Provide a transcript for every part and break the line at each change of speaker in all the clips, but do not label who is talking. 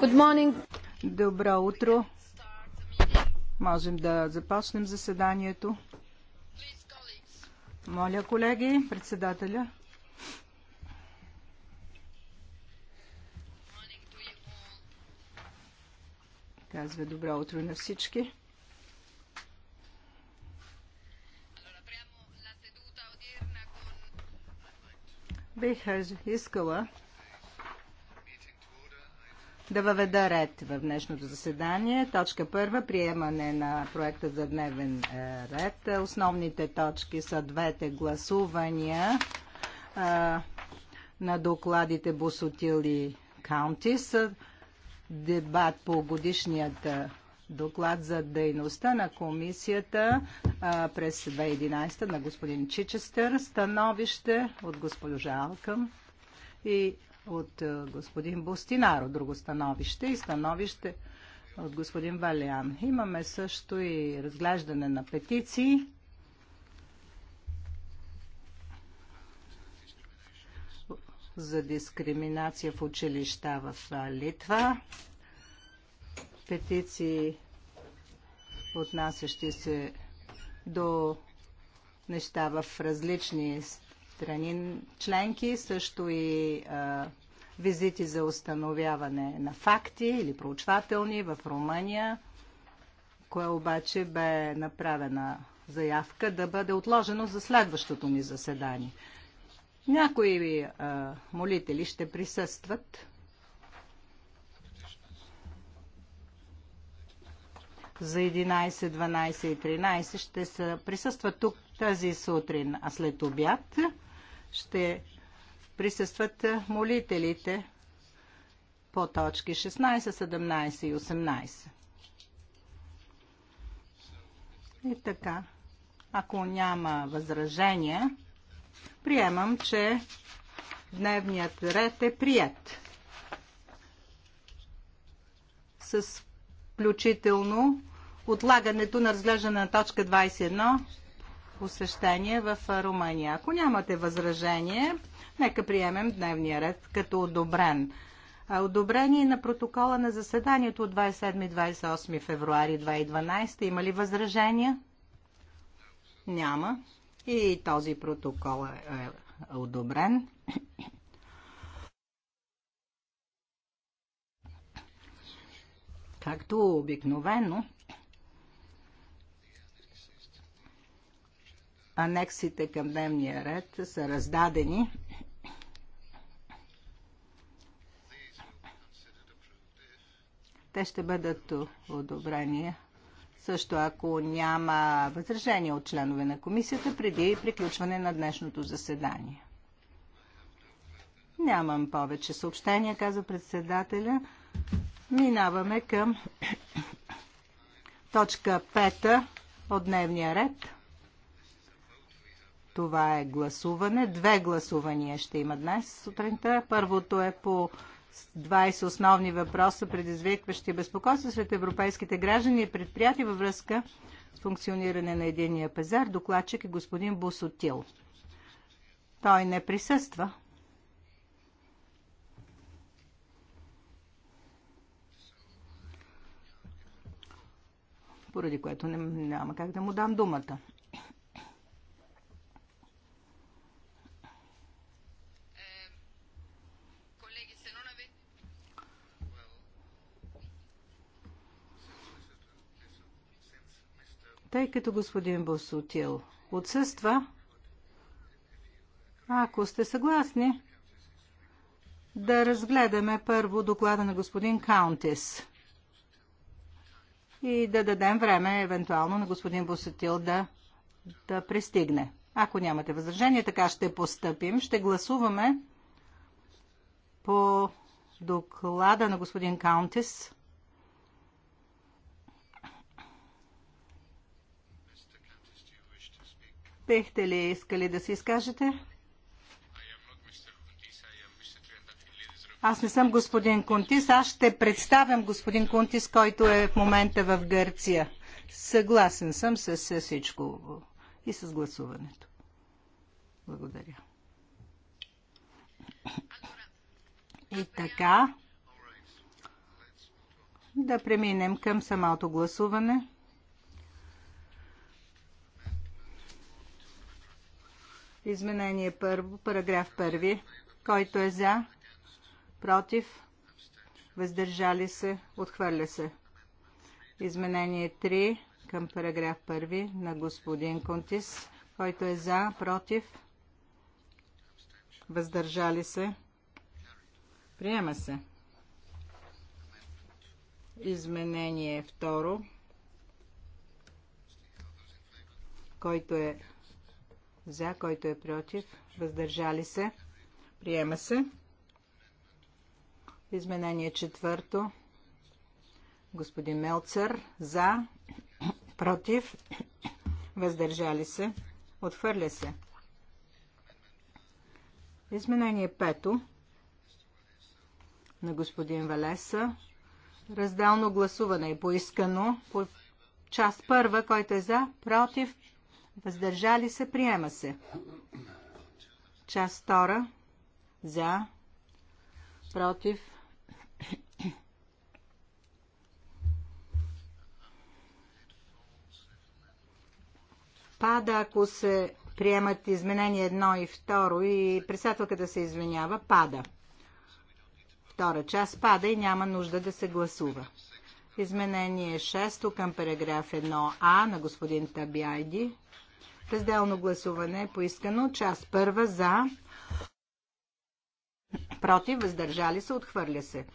Good morning. Добро утро. Можем да започнем заседанието. Моля, колеги, председателя. Казва добро утро на всички. Бих искала да въведа ред в днешното заседание. Точка първа – приемане на проекта за дневен е, ред. Основните точки са двете гласувания а, е, на докладите Босотил и Каунтис, дебат по годишният е, доклад за дейността на комисията а, през 2011 на господин Чичестър, становище от госпожа Алкъм и от е, господин Бустинаро, друго становище и становище от господин Валиан. Имаме също и разглеждане на петиции. за дискриминация в училища в Литва. Петиции, отнасящи се до неща в различни страни членки, също и а, визити за установяване на факти или проучвателни в Румъния, кое обаче бе направена заявка да бъде отложено за следващото ни заседание. Някои а, молители ще присъстват. За 11, 12 и 13 ще са, присъстват тук тази сутрин, а след обяд ще присъстват молителите по точки 16, 17 и 18. И така, ако няма възражения, приемам, че дневният ред е прият. С включително отлагането на разглеждане на точка 21 посещение в Румъния. Ако нямате възражение, Нека приемем дневния ред като одобрен. Одобрение на протокола на заседанието от 27-28 февруари 2012. Има ли възражения? Няма. И този протокол е, е одобрен. Както обикновено, анексите към дневния ред са раздадени. Те ще бъдат одобрени също ако няма възражения от членове на комисията преди приключване на днешното заседание. Нямам повече съобщения, каза председателя. Минаваме към точка 5 от дневния ред. Това е гласуване. Две гласувания ще има днес сутринта. Първото е по 20 основни въпроса, предизвикващи безпокойство сред европейските граждани и предприятия във връзка с функциониране на единия пазар. Докладчик е господин Бусотил. Той не присъства. поради което не, няма как да му дам думата. Тъй като господин Босотил отсъства, ако сте съгласни, да разгледаме първо доклада на господин Каунтис и да дадем време евентуално на господин Босотил да, да пристигне. Ако нямате възражение, така ще постъпим. Ще гласуваме по доклада на господин Каунтис Бихте ли искали да се изкажете? Аз не съм господин Кунтис. аз ще представям господин Кунтис, който е в момента в Гърция. Съгласен съм с всичко и с гласуването. Благодаря. И така, да преминем към самото гласуване. Изменение първо, параграф първи. Който е за, против, въздържали се, отхвърля се. Изменение 3 към параграф 1 на господин Контис, който е за, против, въздържали се, приема се. Изменение 2, който е за, който е против, въздържали се, приема се. Изменение четвърто. Господин Мелцър за, против, въздържали се, отхвърля се. Изменение пето на господин Валеса. Разделно гласуване е поискано по част първа, който е за, против, Въздържали се, приема се. Част втора. За. Против. Пада, ако се приемат изменения 1 и 2 и председателката се извинява, пада. Втора част пада и няма нужда да се гласува. Изменение 6 към параграф 1а на господин Табиайди. Разделно гласуване е поискано. Част първа за. Против, въздържали се, отхвърля се.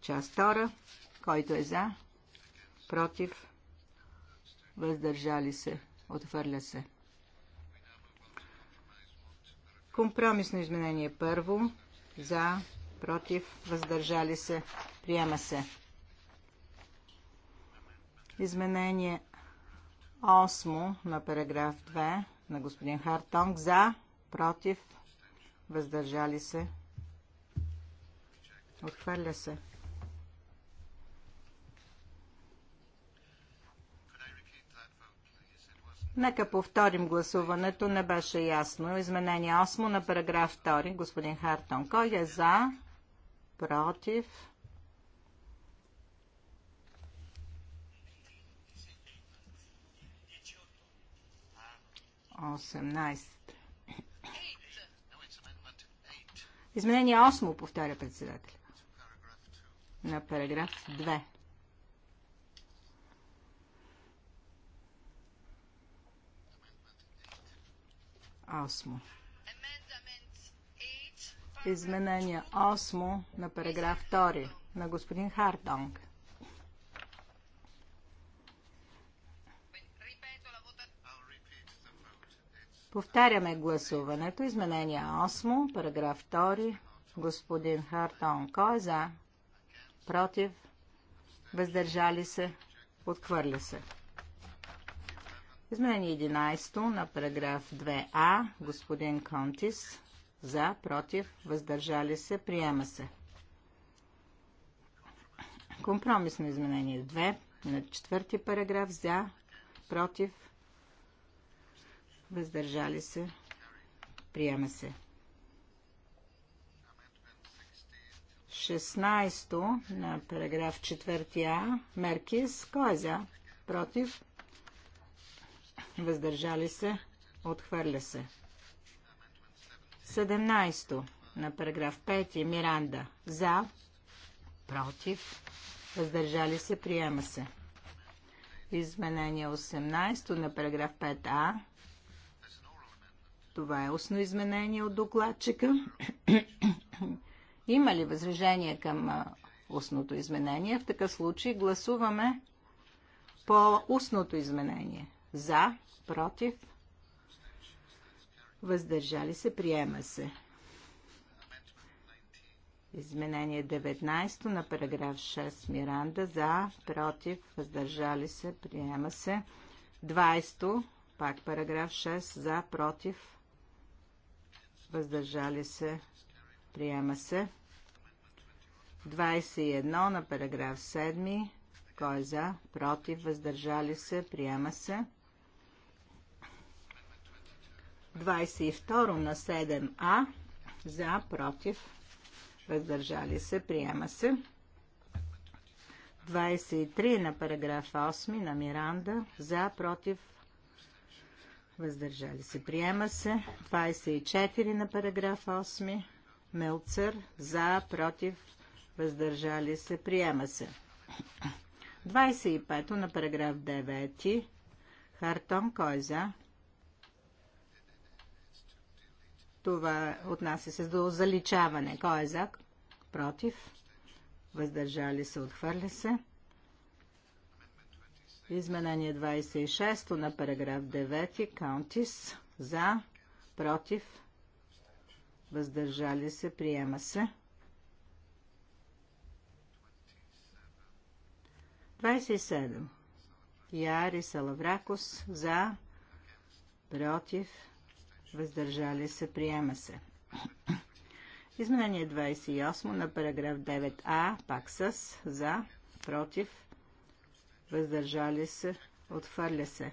Част втора. Който е за? Против, въздържали се, отхвърля се. Компромисно изменение първо. За, против, въздържали се, приема се. Изменение 8 на параграф 2 на господин Хартонг за, против, въздържали се. Отхвърля се. Нека повторим гласуването. Не беше ясно. Изменение 8 на параграф 2. Господин Хартон, кой е за? Против? 18. Изменение 8, повтаря председател. На параграф 2. Осмо. Изменение 8 на параграф 2 на господин Хартонг. Повтаряме гласуването. Изменение 8, параграф 2. Господин Хартон, кой е за? Против? Въздържали се? Отхвърля се. Изменение 11 на параграф 2а. Господин Контис. За, против, въздържали се, приема се. Компромисно изменение 2 на четвърти параграф. За, против, въздържали се, приема се. 16 на параграф 4а, Меркис, кой е за, против, въздържали се, отхвърля се. 17 на параграф 5, Миранда, за, против, въздържали се, приема се. Изменение 18 на параграф 5а, това е устно изменение от докладчика. Има ли възражение към устното изменение? В такъв случай гласуваме по устното изменение. За, против, въздържали се, приема се. Изменение 19 на параграф 6 Миранда. За, против, въздържали се, приема се. 20, пак параграф 6, за, против, въздържали се, приема се. 21 на параграф 7, кой е за, против, въздържали се, приема се. 22 на 7а, за, против, въздържали се, приема се. 23 на параграф 8 на Миранда, за, против, въздържали се. Приема се 24 на параграф 8. Мелцър за, против, въздържали се. Приема се. 25 на параграф 9. Хартон, кой е за? Това отнася се до заличаване. Кой е за? Против. Въздържали се, отхвърля се. Изменение 26 на параграф 9. Каунтис. За. Против. Въздържали се. Приема се. 27. Яри Алавракус, За. Против. Въздържали се. Приема се. Изменение 28 на параграф 9а. Пак с. За. Против въздържали се, отхвърля се.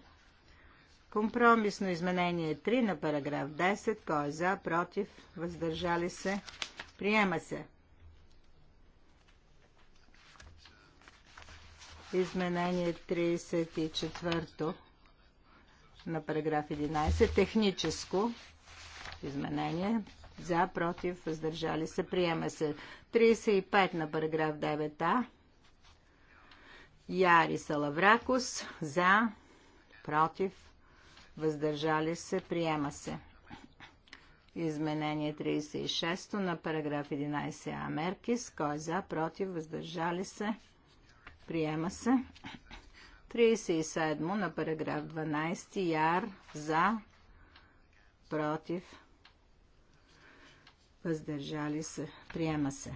Компромисно изменение 3 на параграф 10. Кой е за, против, въздържали се, приема се. Изменение 34 на параграф 11. Техническо изменение. За, против, въздържали се, приема се. 35 на параграф 9а. Яри Салавракус за, против, въздържали се, приема се. Изменение 36 на параграф 11 Амеркис. Кой е за, против, въздържали се, приема се. 37 на параграф 12 Яр за, против, въздържали се, приема се.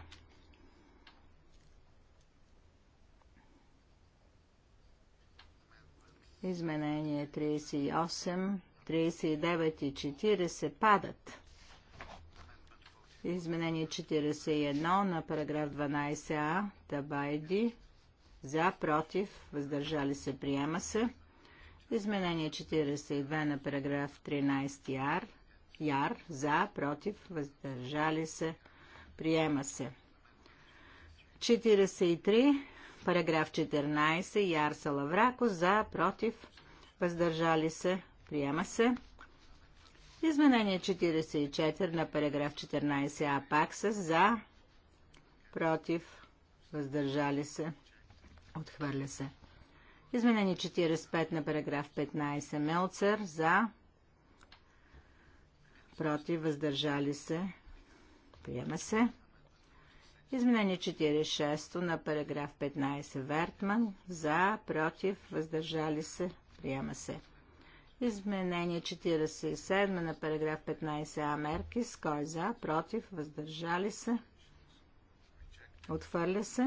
Изменение 38, 39 и 40 падат. Изменение 41 на параграф 12а, Табайди, за, против, въздържали се, приема се. Изменение 42 на параграф 13 ар, яр, за, против, въздържали се, приема се. 43 Параграф 14. Ярса Лавраку. За, против, въздържали се, приема се. Изменение 44 на параграф 14а пак за, против, въздържали се, отхвърля се. Изменение 45 на параграф 15 Мелцер за, против, въздържали се, приема се. Изменение 46 на параграф 15 Вертман. За, против, въздържали се, приема се. Изменение 47 на параграф 15 А Меркис. Кой е за, против, въздържали се, отхвърля се.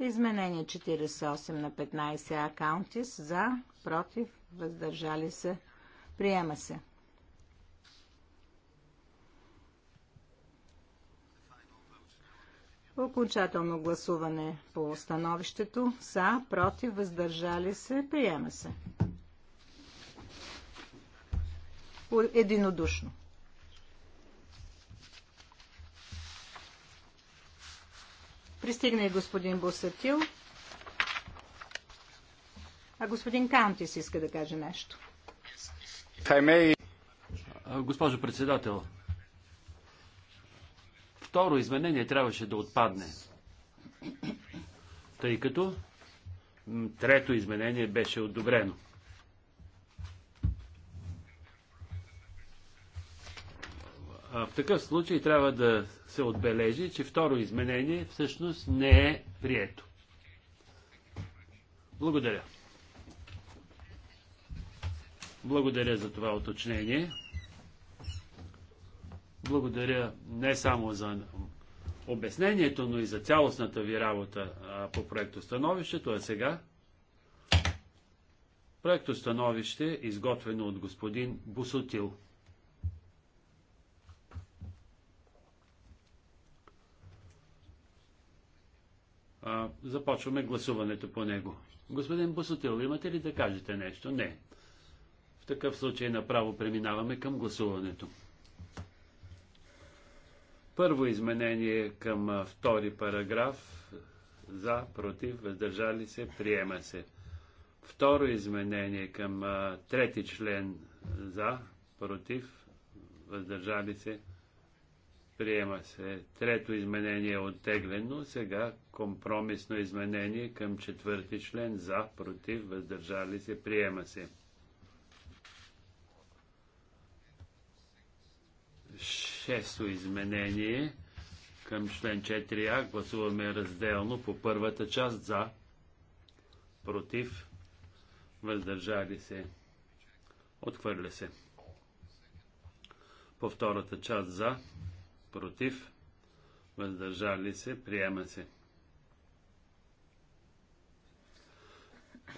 Изменение 48 на 15 А Каунтис. За, против, въздържали се, приема се. Окончателно гласуване по становището. За, против, въздържали се. Приема се. Единодушно. Пристигна и господин Босатил. А господин Кантис иска да каже нещо.
Госпожо председател, второ изменение трябваше да отпадне. Тъй като трето изменение беше одобрено. А в такъв случай трябва да се отбележи, че второ изменение всъщност не е прието. Благодаря. Благодаря за това уточнение. Благодаря не само за обяснението, но и за цялостната ви работа по проектостановището. А е сега проектостановище, изготвено от господин Бусотил. започваме гласуването по него. Господин Бусотил, имате ли да кажете нещо? Не. В такъв случай направо преминаваме към гласуването. Първо изменение към втори параграф. За, против, въздържали се, приема се. Второ изменение към трети член. За, против, въздържали се, приема се. Трето изменение е оттеглено. Сега компромисно изменение към четвърти член. За, против, въздържали се, приема се. Шесто изменение към член 4а. Гласуваме разделно по първата част за, против, въздържали се, отхвърля се. По втората част за, против, въздържали се, приема се.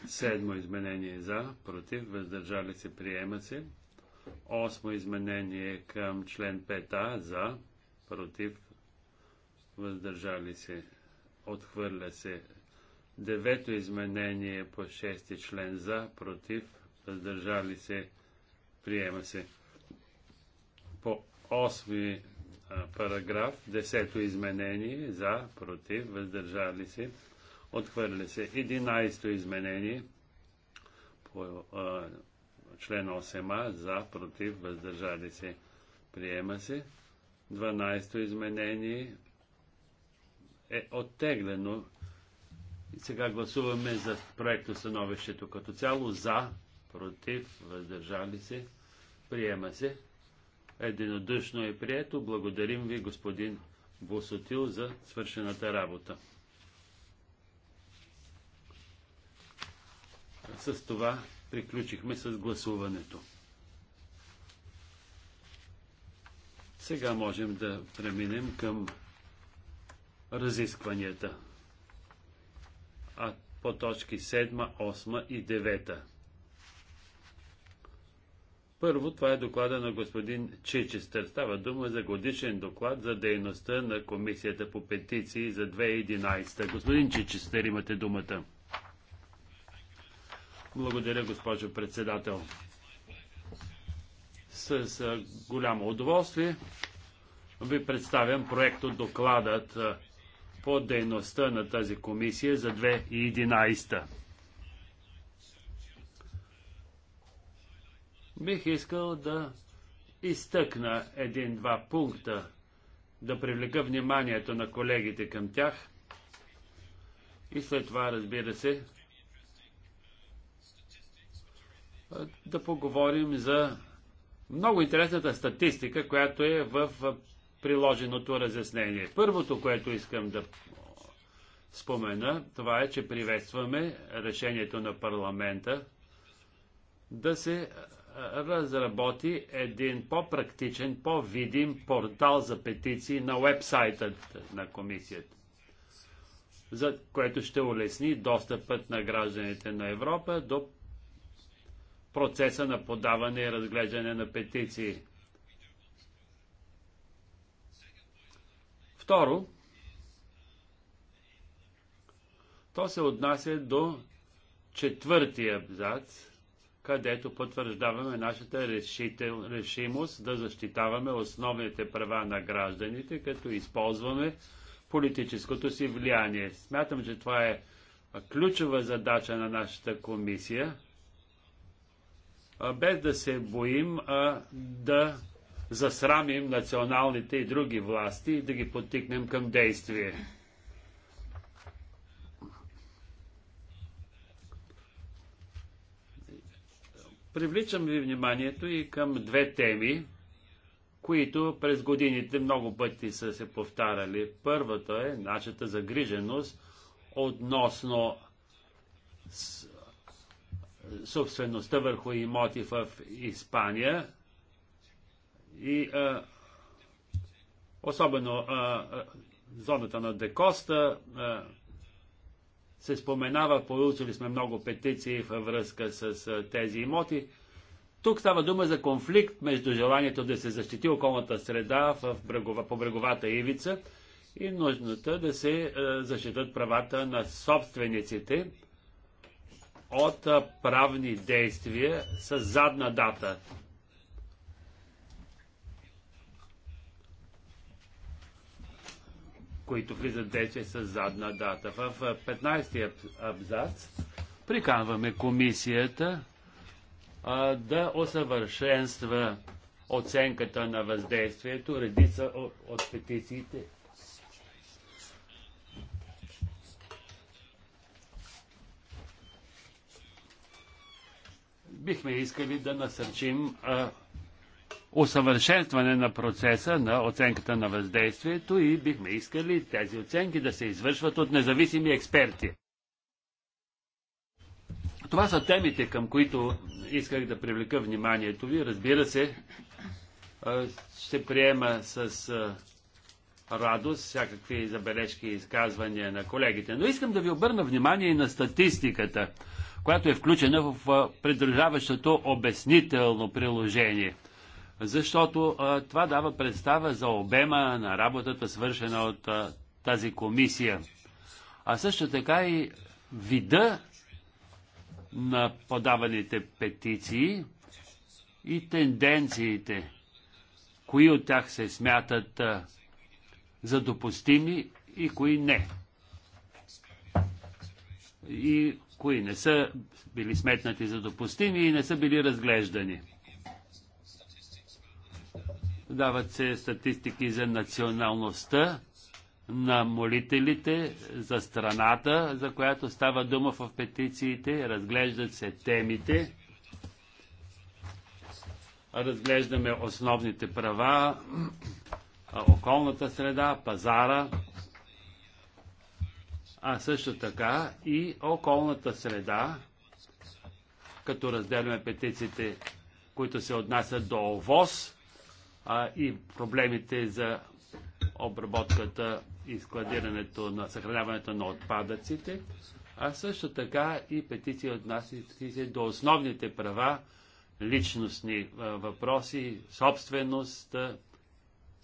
Седмо изменение за, против, въздържали се, приема се. Осмо изменение към член 5а за, против, въздържали се, отхвърля се. Девето изменение по 6 член за, против, въздържали се, приема се. По 8 параграф, 10 изменение за, против, въздържали се, отхвърля се. 11 изменение по Член 8а за, против, въздържали се, приема се. 12-то изменение е оттеглено. И сега гласуваме за проекто становището като цяло. За, против, въздържали се, приема се. Единодушно е прието. Благодарим ви, господин Босотил, за свършената работа. С това Приключихме с гласуването. Сега можем да преминем към разискванията. А по точки 7, 8 и 9. Първо, това е доклада на господин Чичестър. Става дума за годишен доклад за дейността на Комисията по петиции за 2011. Господин Чичестър, имате думата. Благодаря, госпожо председател. С голямо удоволствие ви представям проект от докладът по дейността на тази комисия за 2011. Бих искал да изтъкна един-два пункта, да привлека вниманието на колегите към тях и след това, разбира се, да поговорим за много интересната статистика, която е в приложеното разяснение. Първото, което искам да спомена, това е, че приветстваме решението на парламента да се разработи един по-практичен, по-видим портал за петиции на вебсайта на комисията, за което ще улесни достъпът на гражданите на Европа до процеса на подаване и разглеждане на петиции. Второ, то се отнася до четвъртия абзац, където потвърждаваме нашата решител, решимост да защитаваме основните права на гражданите, като използваме политическото си влияние. Смятам, че това е ключова задача на нашата комисия – без да се боим да засрамим националните и други власти и да ги подтикнем към действие. Привличам ви вниманието и към две теми, които през годините много пъти са се повтаряли. Първата е нашата загриженост относно собствеността върху имоти в Испания и а, особено а, зоната на Декоста а, се споменава, получили сме много петиции във връзка с а, тези имоти. Тук става дума за конфликт между желанието да се защити околната среда в брегова, по бреговата ивица и нуждата да се а, защитат правата на собствениците от правни действия с задна дата. които влизат в действие с задна дата. В 15-ти абзац приканваме комисията а, да усъвършенства оценката на въздействието редица от, от петициите, бихме искали да насърчим усъвършенстване на процеса на оценката на въздействието и бихме искали тези оценки да се извършват от независими експерти. Това са темите, към които исках да привлека вниманието ви. Разбира се, ще приема с радост всякакви забележки и изказвания на колегите. Но искам да ви обърна внимание и на статистиката която е включена в придържаващото обяснително приложение. Защото а, това дава представа за обема на работата, свършена от а, тази комисия. А също така и вида на подаваните петиции и тенденциите, кои от тях се смятат а, за допустими и кои не. И кои не са били сметнати за допустими и не са били разглеждани. Дават се статистики за националността на молителите, за страната, за която става дума в петициите, разглеждат се темите, разглеждаме основните права, околната среда, пазара, а също така и околната среда, като разделяме петициите, които се отнасят до ОВОз а, и проблемите за обработката и складирането на съхраняването на отпадъците, а също така и петиции отнасящи се до основните права, личностни въпроси, собственост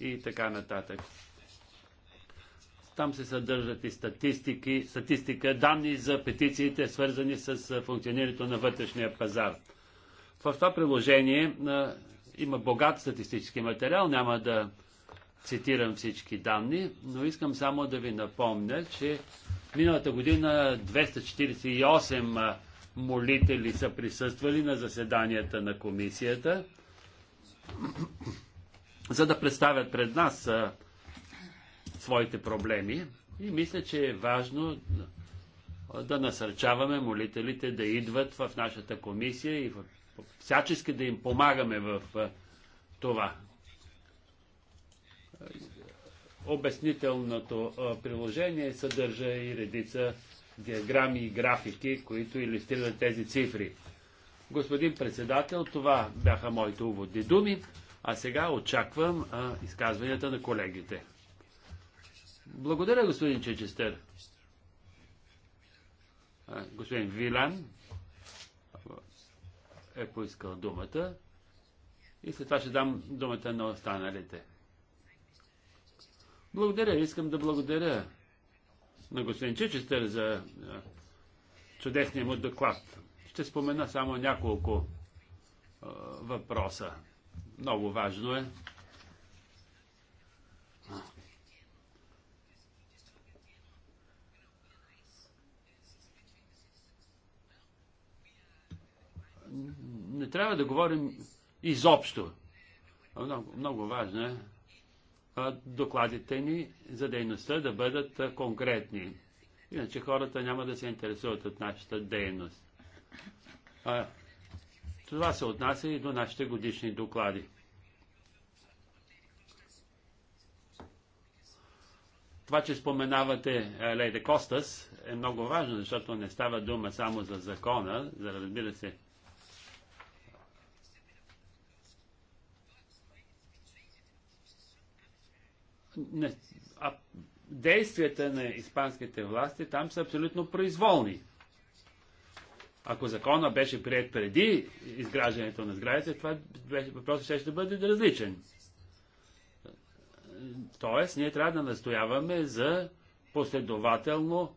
и така нататък. Там се съдържат и статистики, статистика, данни за петициите, свързани с функционирането на вътрешния пазар. В това приложение има богат статистически материал, няма да цитирам всички данни, но искам само да ви напомня, че миналата година 248 молители са присъствали на заседанията на комисията, за да представят пред нас своите проблеми и мисля, че е важно да насърчаваме молителите да идват в нашата комисия и всячески да им помагаме в това. Обяснителното приложение съдържа и редица диаграми и графики, които иллюстрират тези цифри. Господин председател, това бяха моите уводни думи, а сега очаквам изказванията на колегите. Благодаря, господин Чечестер. Господин Вилан е поискал думата и след това ще дам думата на останалите. Благодаря, искам да благодаря на господин Чичестър за чудесния му доклад. Ще спомена само няколко въпроса. Много важно е не трябва да говорим изобщо. Много, много важно е докладите ни за дейността да бъдат конкретни. Иначе хората няма да се интересуват от нашата дейност. А, това се отнася и до нашите годишни доклади. Това, че споменавате Лейде Костас е много важно, защото не става дума само за закона, за разбира се, а действията на испанските власти там са абсолютно произволни. Ако закона беше прият преди изграждането на сградите, това беше, въпросът ще, ще бъде различен. Тоест, ние трябва да настояваме за последователно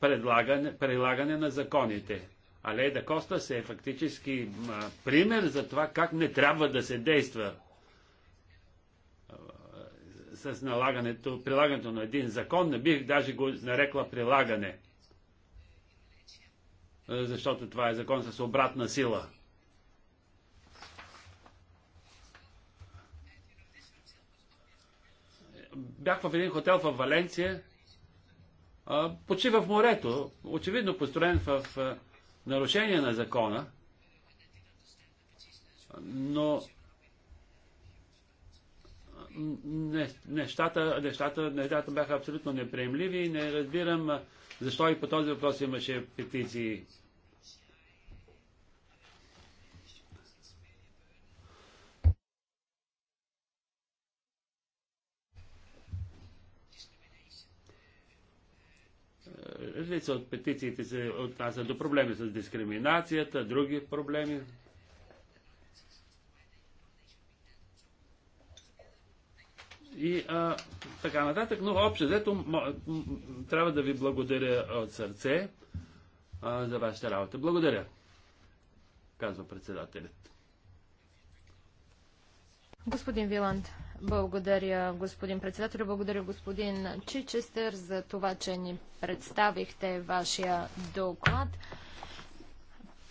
предлагане, прилагане на законите. Алейда Коста се е фактически а, пример за това как не трябва да се действа с налагането, прилагането на един закон. Не бих даже го нарекла прилагане, защото това е закон с обратна сила. Бях в един хотел в Валенция, почива в морето, очевидно построен в нарушение на закона, но нещата, нещата, нещата бяха абсолютно неприемливи и не разбирам защо и по този въпрос имаше петиции. Редица от петициите се отнасят до проблеми с дискриминацията, други проблеми. и а, така нататък. Но общо взето трябва да ви благодаря от сърце а, за вашата работа. Благодаря, казва председателят.
Господин Виланд, благодаря господин председател, благодаря господин Чичестър за това, че ни представихте вашия доклад.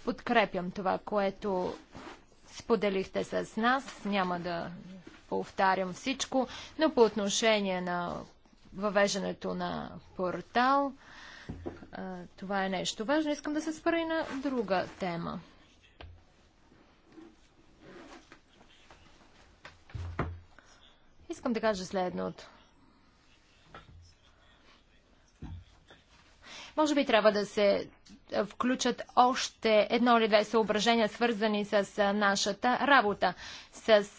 Подкрепям това, което споделихте с нас. Няма да повтарям всичко, но по отношение на въвеждането на портал, това е нещо важно. Искам да се спра и на друга тема. Искам да кажа следното. Може би трябва да се включат още едно или две съображения, свързани с нашата работа. С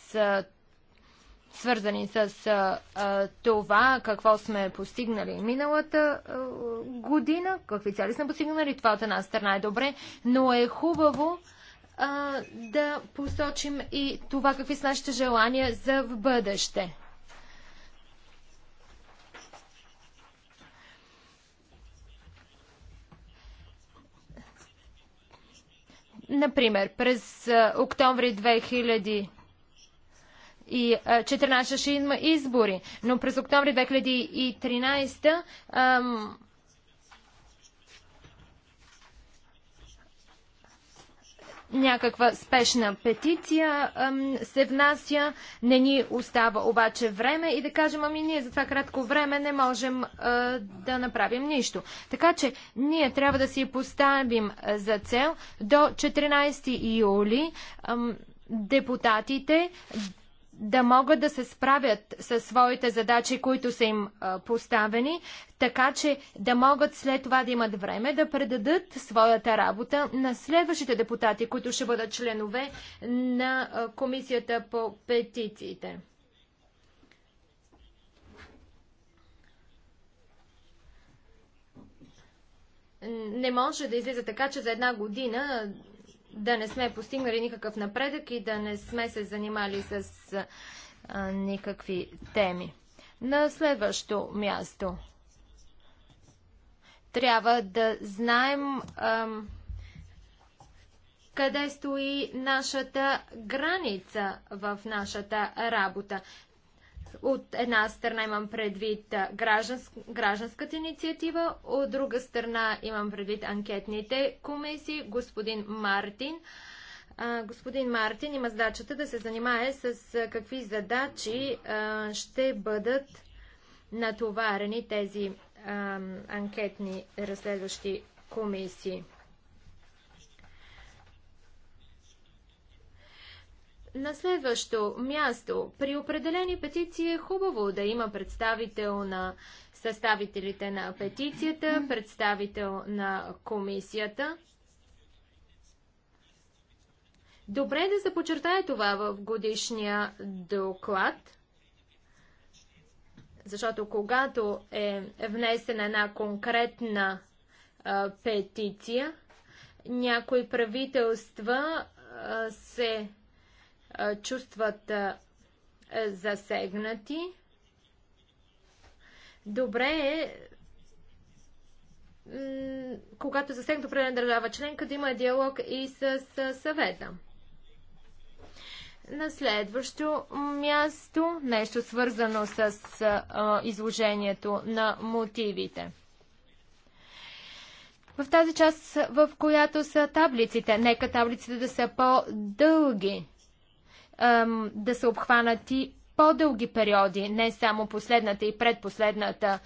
свързани с а, това какво сме постигнали миналата а, година, какви цели сме постигнали. Това от една страна е добре, но е хубаво а, да посочим и това какви са нашите желания за в бъдеще. Например, през октомври 2000 и 14 е, ще има избори, но през октомври 2013 ам, някаква спешна петиция ам, се внася, не ни остава обаче време и да кажем, ами ние за това кратко време не можем а, е, да направим нищо. Така че ние трябва да си поставим е, за цел до 14 юли ам, депутатите да могат да се справят със своите задачи, които са им поставени, така че да могат след това да имат време да предадат своята работа на следващите депутати, които ще бъдат членове на Комисията по петициите. Не може да излиза така, че за една година да не сме постигнали никакъв напредък и да не сме се занимали с а, никакви теми. На следващо място трябва да знаем ам, къде стои нашата граница в нашата работа. От една страна имам предвид гражданск, гражданската инициатива, от друга страна имам предвид анкетните комисии. Господин Мартин. А, господин Мартин има задачата да се занимае с какви задачи а, ще бъдат натоварени тези анкетни разследващи комисии. На следващо място, при определени петиции е хубаво да има представител на съставителите на петицията, представител на комисията. Добре е да се почертае това в годишния доклад, защото когато е внесена една конкретна а, петиция, някои правителства а, се чувстват е, засегнати. Добре е, когато е засегнат определена държава членка, да има диалог и с съвета. На следващо място, нещо свързано с а, изложението на мотивите. В тази част, в която са таблиците, нека таблиците да са по-дълги да са обхванати по-дълги периоди, не само последната и предпоследната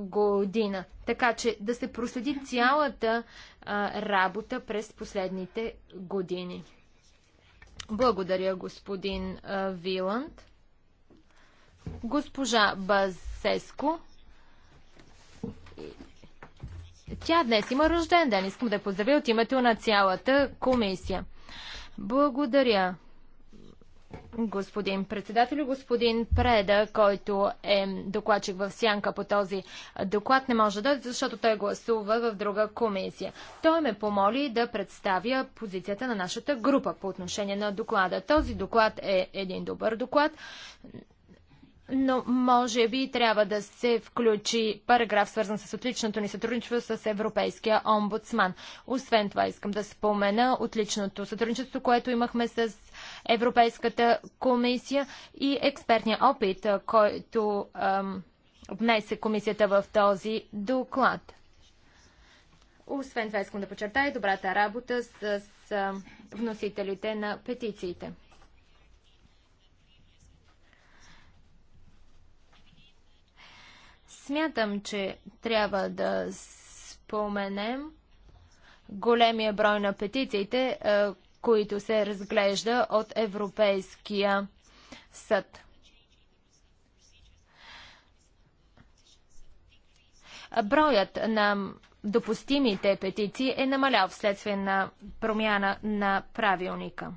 година. Така че да се проследи цялата а, работа през последните години. Благодаря, господин а, Виланд. Госпожа Базеско. Тя днес има рожден ден. Искам да поздравя от името на цялата комисия. Благодаря господин председател, господин Преда, който е докладчик в Сянка по този доклад, не може да дойде, защото той гласува в друга комисия. Той ме помоли да представя позицията на нашата група по отношение на доклада. Този доклад е един добър доклад, но може би трябва да се включи параграф, свързан с отличното ни сътрудничество с Европейския омбудсман. Освен това, искам да спомена отличното сътрудничество, което имахме с Европейската комисия и експертния опит, който внесе комисията в този доклад. Освен това искам да подчертая добрата работа с, с вносителите на петициите. Смятам, че трябва да споменем големия брой на петициите, които се разглежда от Европейския съд. Броят на допустимите петиции е намалял вследствие на промяна на правилника.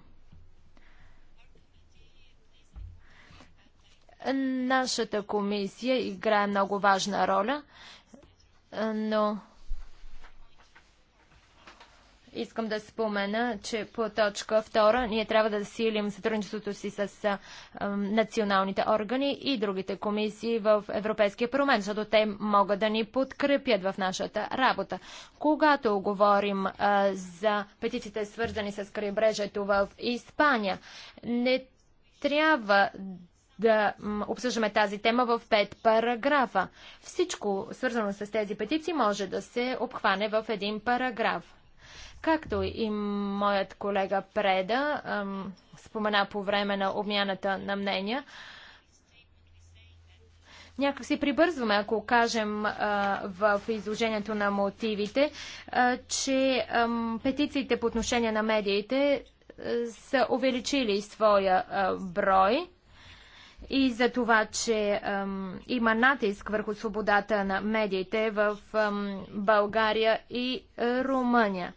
Нашата комисия играе много важна роля, но Искам да спомена, че по точка втора ние трябва да засилим сътрудничеството си с а, националните органи и другите комисии в Европейския парламент, защото те могат да ни подкрепят в нашата работа. Когато говорим а, за петициите свързани с крайбрежето в Испания, не трябва да обсъждаме тази тема в пет параграфа. Всичко свързано с тези петиции може да се обхване в един параграф. Както и моят колега Преда спомена по време на обмяната на мнения, някак си прибързваме, ако кажем в изложението на мотивите, че петициите по отношение на медиите са увеличили своя брой и за това, че има натиск върху свободата на медиите в България и Румъния.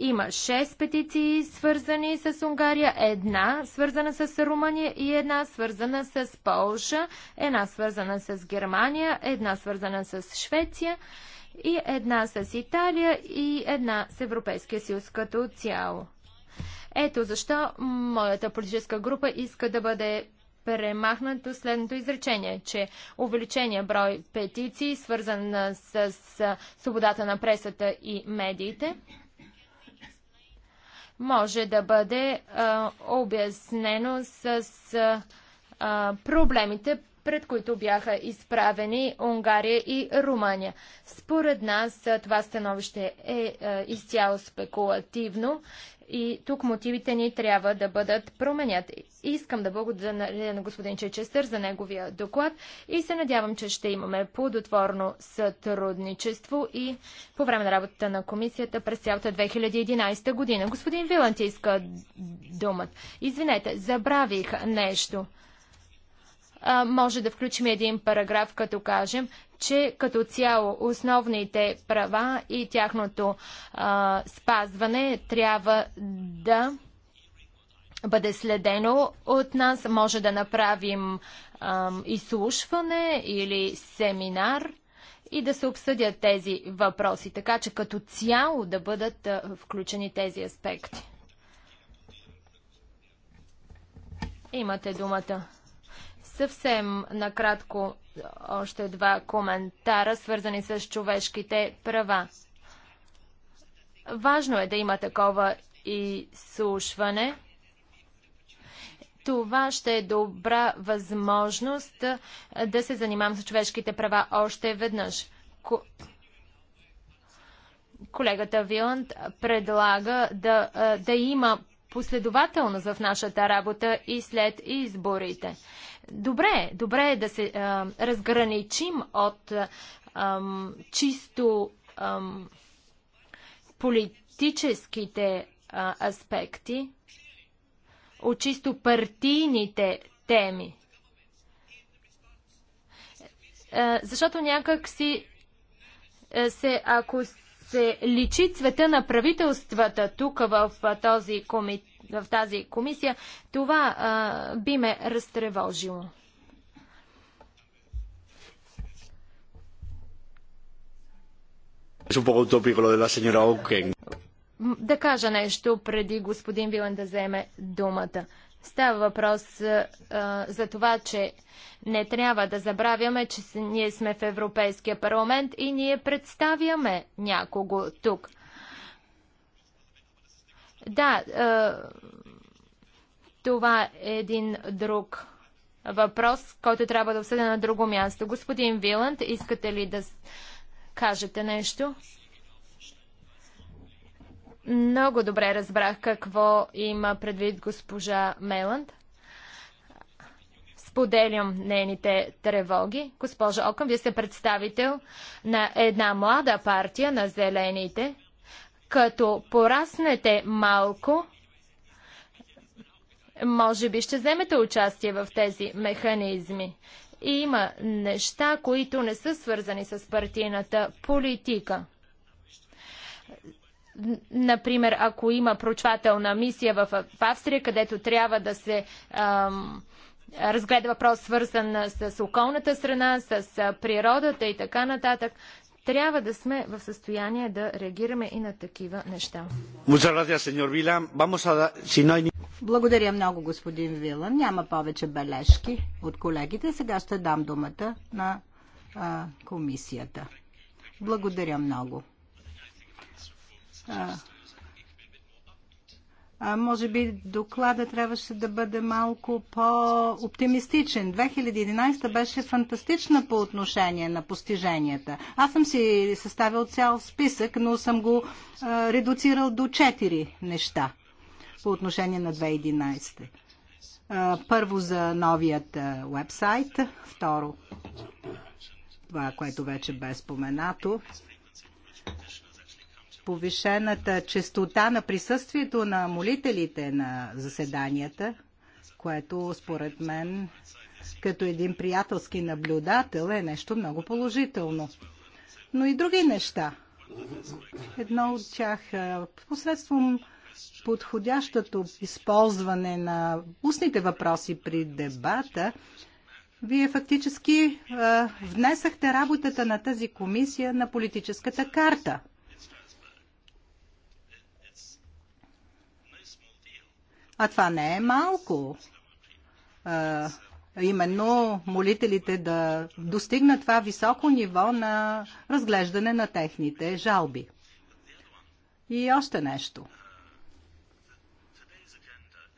Има шест петиции свързани с Унгария, една свързана с Румъния и една свързана с Полша, една свързана с Германия, една свързана с Швеция и една с Италия и една с Европейския съюз като цяло. Ето защо моята политическа група иска да бъде премахнато следното изречение, че увеличение брой петиции, свързана с свободата на пресата и медиите, може да бъде а, обяснено с а, проблемите, пред които бяха изправени Унгария и Румъния. Според нас това становище е, е изцяло спекулативно и тук мотивите ни трябва да бъдат променят. Искам да благодаря на, господин Чечестър за неговия доклад и се надявам, че ще имаме плодотворно сътрудничество и по време на работата на комисията през цялата 2011 година. Господин Виланти иска думат. Извинете, забравих нещо. А, може да включим един параграф, като кажем, че като цяло основните права и тяхното а, спазване трябва да бъде следено от нас. Може да направим а, изслушване или семинар и да се обсъдят тези въпроси, така че като цяло да бъдат а, включени тези аспекти. Имате думата. Съвсем накратко още два коментара, свързани с човешките права. Важно е да има такова изслушване. Това ще е добра възможност да се занимавам с човешките права още веднъж. Колегата Виланд предлага да, да има последователност в нашата работа и след изборите. Добре, добре е да се а, разграничим от а, чисто а, политическите а, аспекти, от чисто партийните теми. А, защото някак си се, ако се личи цвета на правителствата тук в този комитет, в тази комисия, това а, би ме разтревожило. Да кажа нещо преди господин Вилан да вземе думата. Става въпрос а, за това, че не трябва да забравяме, че ние сме в Европейския парламент и ние представяме някого тук. Да, е, това е един друг въпрос, който трябва да обсъдя на друго място. Господин Виланд, искате ли да кажете нещо? Много добре разбрах какво има предвид госпожа Меланд. Споделям нейните тревоги. Госпожа Окъм, вие сте представител на една млада партия на зелените – като пораснете малко, може би ще вземете участие в тези механизми. И има неща, които не са свързани с партийната политика. Например, ако има проучвателна мисия в, в Австрия, където трябва да се ам, разгледа въпрос свързан с околната страна, с природата и така нататък, трябва да сме в състояние да реагираме и на такива неща.
Благодаря много, господин Вилан. Няма повече бележки от колегите. Сега ще дам думата на а, комисията. Благодаря много. А, а, може би доклада трябваше да бъде малко по-оптимистичен. 2011 беше фантастична по отношение на постиженията. Аз съм си съставил цял списък, но съм го а, редуцирал до 4 неща по отношение на 2011. А, първо за новият вебсайт, второ това, което вече бе споменато, повишената честота на присъствието на молителите на заседанията, което според мен като един приятелски наблюдател е нещо много положително. Но и други неща. Едно от тях е, посредством подходящото използване на устните въпроси при дебата, вие фактически е, внесахте работата на тази комисия на политическата карта – А това не е малко. А, именно молителите да достигнат това високо ниво на разглеждане на техните жалби. И още нещо.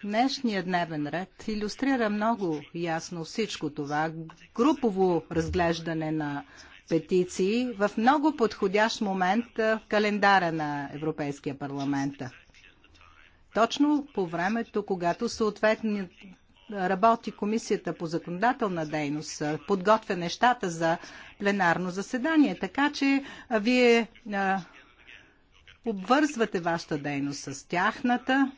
Днешният дневен ред иллюстрира много ясно всичко това. Групово разглеждане на петиции в много подходящ момент в календара на Европейския парламент. Точно по времето, когато съответно работи Комисията по законодателна дейност, подготвя нещата за пленарно заседание. Така че вие а, обвързвате вашата дейност с тяхната.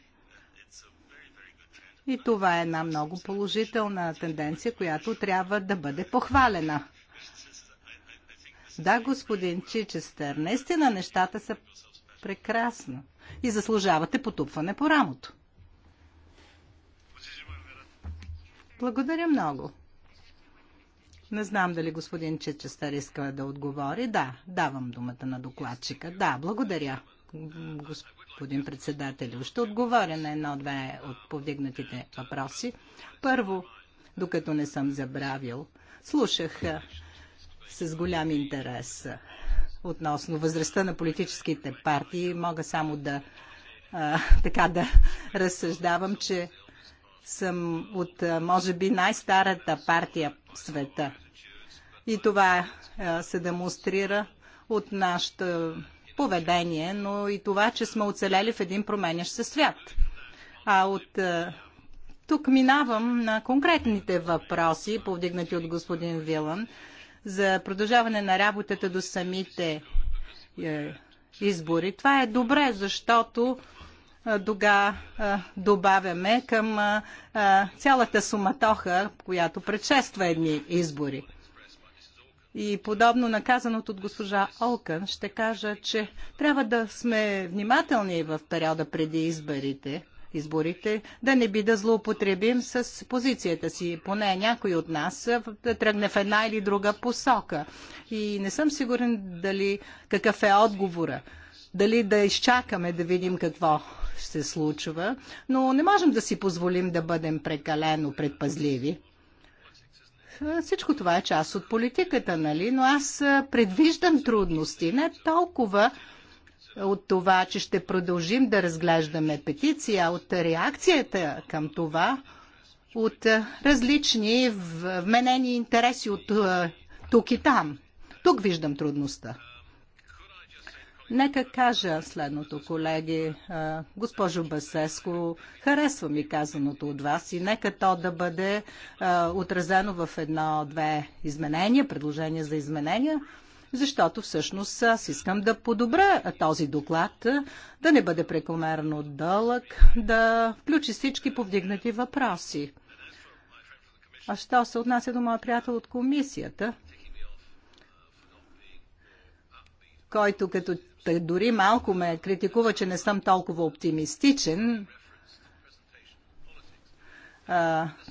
И това е една много положителна тенденция, която трябва да бъде похвалена. Да, господин Чичестър, наистина нещата са прекрасно и заслужавате потупване по рамото. Благодаря много. Не знам дали господин Чечестър иска да отговори. Да, давам думата на докладчика. Да, благодаря, господин председател. Ще отговоря на едно-две от повдигнатите въпроси. Първо, докато не съм забравил, слушах с голям интерес относно възрастта на политическите партии. Мога само да а, така да разсъждавам, че съм от, може би, най-старата партия в света. И това а, се демонстрира от нашето поведение, но и това, че сме оцелели в един променящ се свят. А от а, тук минавам на конкретните въпроси, повдигнати от господин Вилан за продължаване на работата до самите е, избори. Това е добре, защото е, тога е, добавяме към цялата суматоха, която предшества едни избори. И подобно наказаното от госпожа Олкън, ще кажа, че трябва да сме внимателни в периода преди изборите, изборите, да не би да злоупотребим с позицията си. Поне някой от нас да тръгне в една или друга посока. И не съм сигурен дали какъв е отговора. Дали да изчакаме да видим какво се случва, но не можем да си позволим да бъдем прекалено предпазливи. Всичко това е част от политиката, нали? Но аз предвиждам трудности. Не толкова от това, че ще продължим да разглеждаме петиция, от реакцията към това, от различни вменени интереси от е, тук и там. Тук виждам трудността. Нека кажа следното, колеги. Е, госпожо Басеско, харесва ми казаното от вас и нека то да бъде е, отразено в едно-две изменения, предложения за изменения, защото всъщност аз искам да подобря този доклад, да не бъде прекомерно дълъг, да включи всички повдигнати въпроси. А що се отнася до моя приятел от комисията, който като дори малко ме критикува, че не съм толкова оптимистичен,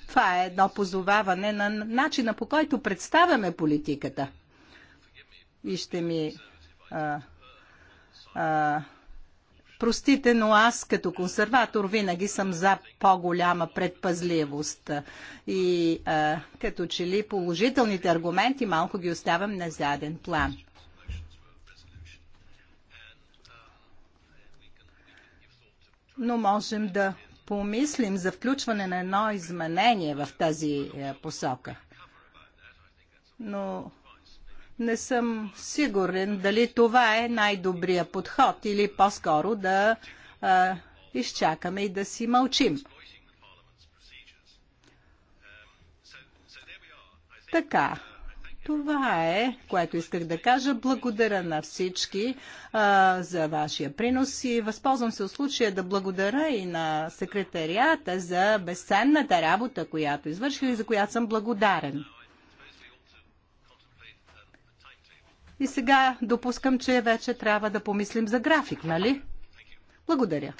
това е едно позоваване на начина по който представяме политиката – и ще ми а, а, простите, но аз като консерватор винаги съм за по-голяма предпазливост. И а, като че ли положителните аргументи малко ги оставям на заден план. Но можем да помислим за включване на едно изменение в тази посока. Но не съм сигурен дали това е най-добрия подход или по-скоро да а, изчакаме и да си мълчим. Така, това е, което исках да кажа. Благодаря на всички а, за вашия принос и възползвам се от случая да благодаря и на секретарията за безценната работа, която извърших и за която съм благодарен. И сега допускам, че вече трябва да помислим за график, нали? Благодаря.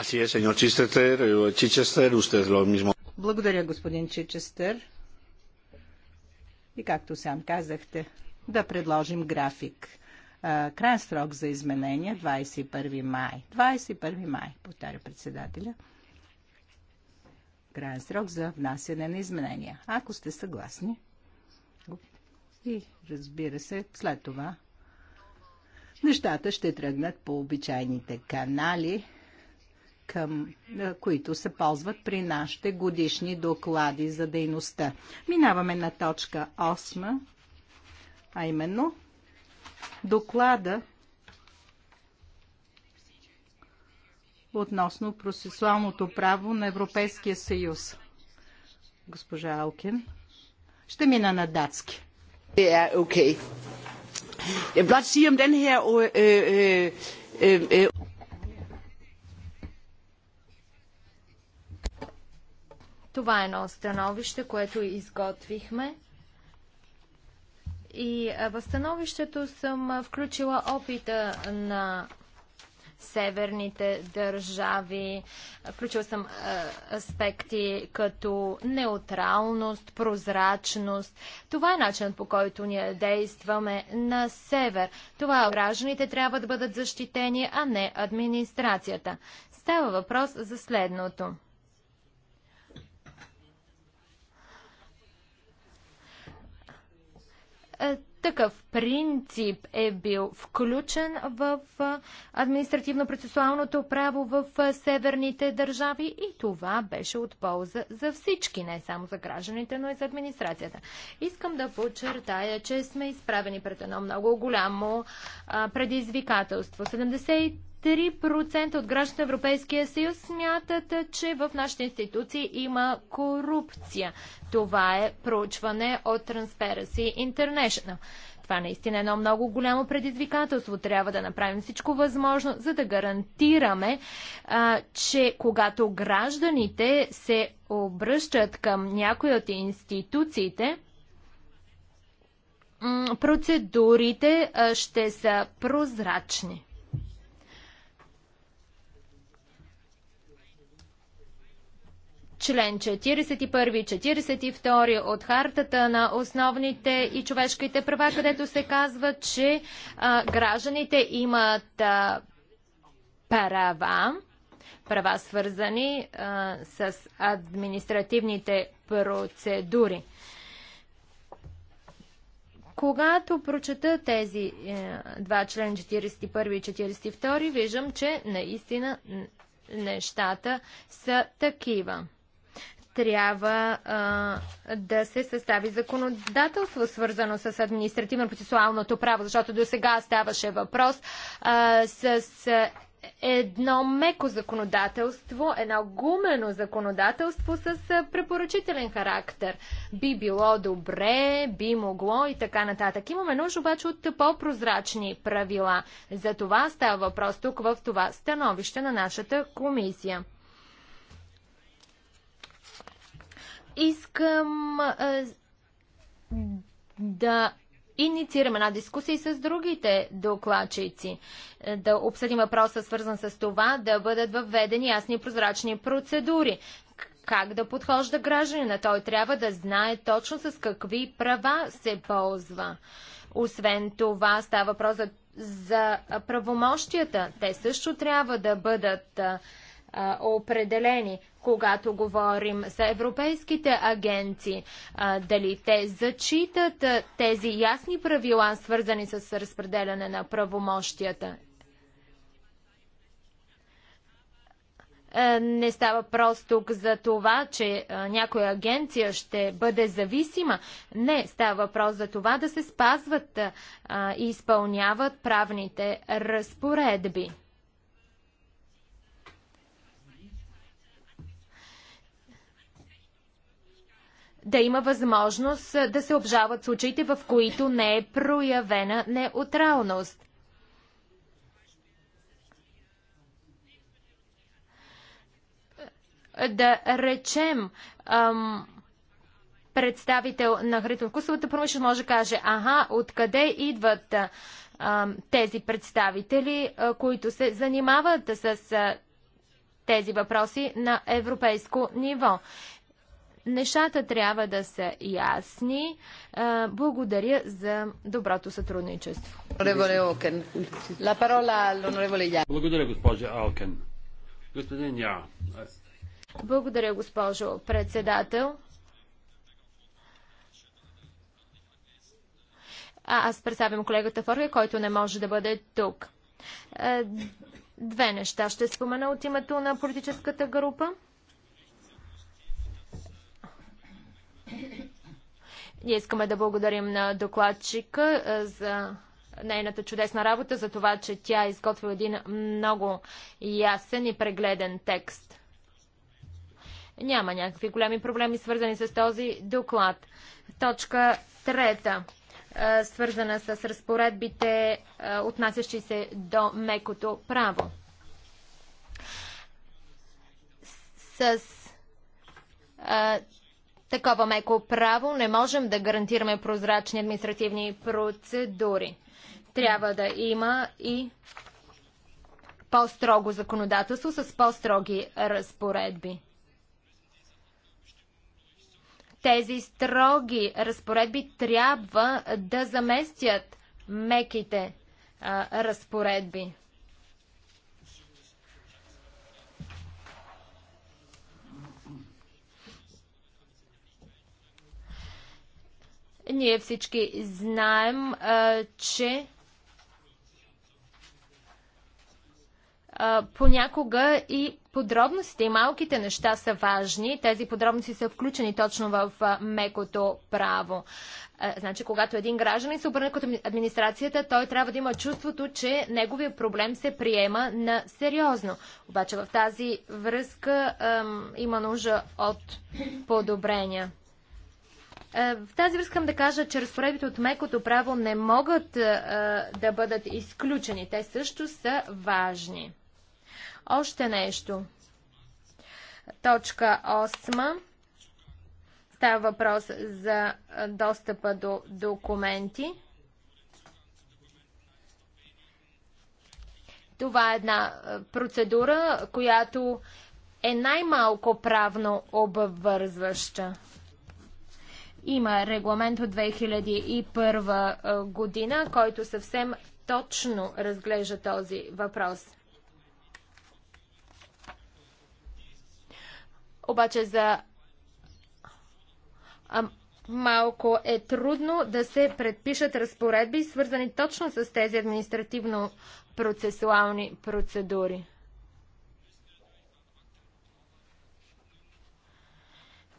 Así es, señor Chichester, eh, Chichester, usted lo mismo.
Благодаря, господин Чичестър. И както сам казахте, да предложим график. Крайен срок за изменение 21 май. 21 май, повтаря председателя. Крайен срок за внасяне на изменения. Ако сте съгласни, и разбира се, след това нещата ще тръгнат по обичайните канали, към, които се ползват при нашите годишни доклади за дейността. Минаваме на точка 8, а именно доклада относно процесуалното право на Европейския съюз. Госпожа Алкин. Ще мина на датски.
Det er okay. Jeg vil blot sige om den her... Øh, øh, øh, øh
Това е едно становище, което изготвихме. И в становището съм включила опита на северните държави. Включил съм аспекти като неутралност, прозрачност. Това е начинът по който ние действаме на север. Това е, гражданите трябва да бъдат защитени, а не администрацията. Става въпрос за следното. Е, такъв принцип е бил включен в административно-процесуалното право в северните държави и това беше от полза за всички, не само за гражданите, но и за администрацията. Искам да подчертая, че сме изправени пред едно много голямо предизвикателство. 73 3% от гражданите на Европейския съюз смятат, че в нашите институции има корупция. Това е проучване от Transparency International. Това е наистина е едно много голямо предизвикателство. Трябва да направим всичко възможно, за да гарантираме, а, че когато гражданите се обръщат към някои от институциите, процедурите ще са прозрачни. член 41 и 42 от Хартата на основните и човешките права, където се казва, че а, гражданите имат а, права, права свързани а, с административните процедури. Когато прочета тези е, два член 41 и 42, виждам, че наистина нещата са такива трябва а, да се състави законодателство, свързано с административно-процесуалното право, защото до сега ставаше въпрос а, с едно меко законодателство, едно гумено законодателство с препоръчителен характер. Би било добре, би могло и така нататък. Имаме нужда обаче от по-прозрачни правила. За това става въпрос тук в това становище на нашата комисия. Искам а, да инициирам една дискусия с другите докладчици. Е, да обсъдим въпроса, свързан с това, да бъдат въведени ясни и прозрачни процедури. Как да подхожда гражданина? Той трябва да знае точно с какви права се ползва. Освен това, става въпрос за, за правомощията. Те също трябва да бъдат определени, когато говорим за европейските агенции, а, дали те зачитат а, тези ясни правила, свързани с разпределяне на правомощията. не става просто за това, че някоя агенция ще бъде зависима. Не, става въпрос за това да се спазват и изпълняват правните разпоредби. да има възможност да се обжават случаите, в които не е проявена неутралност. Да речем, ам, представител на хранително-вкусовата промишленост може да каже, ага, откъде идват ам, тези представители, а, които се занимават с а, тези въпроси на европейско ниво. Нещата трябва да са ясни. Благодаря за доброто сътрудничество.
Благодаря, госпожа Алкен. Господин Я.
Благодаря, госпожо председател. А, аз представям колегата Форге, който не може да бъде тук. Две неща ще спомена от името на политическата група. Ние искаме да благодарим на докладчика е, за нейната чудесна работа, за това, че тя е изготвила един много ясен и прегледен текст. Няма някакви големи проблеми, свързани с този доклад. Точка трета, е, свързана с разпоредбите, е, отнасящи се до мекото право. С такова меко право не можем да гарантираме прозрачни административни процедури. Трябва да има и по-строго законодателство с по-строги разпоредби. Тези строги разпоредби трябва да заместят меките а, разпоредби. Ние всички знаем, а, че а, понякога и подробностите и малките неща са важни. Тези подробности са включени точно в а, мекото право. Значи, когато един гражданин се обърне към администрацията, той трябва да има чувството, че неговия проблем се приема на сериозно. Обаче в тази връзка има нужда от подобрения. Е, в тази връзка да кажа, че разпоредбите от мекото право не могат е, е, да бъдат изключени. Те също са важни. Още нещо. Точка 8. Става въпрос за достъпа до документи. Това е една процедура, която е най-малко правно обвързваща. Има регламент от 2001 година, който съвсем точно разглежда този въпрос. Обаче за малко е трудно да се предпишат разпоредби, свързани точно с тези административно-процесуални процедури.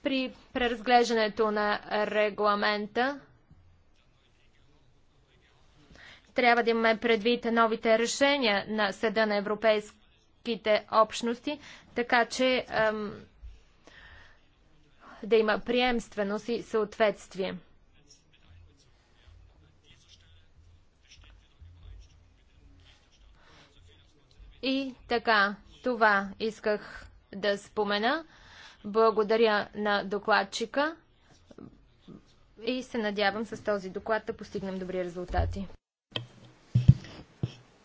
При преразглеждането на регламента трябва да имаме предвид новите решения на Съда на европейските общности, така че ем, да има приемственост и съответствие. И така, това исках да спомена. Благодаря на докладчика и се надявам с този доклад да постигнем добри резултати.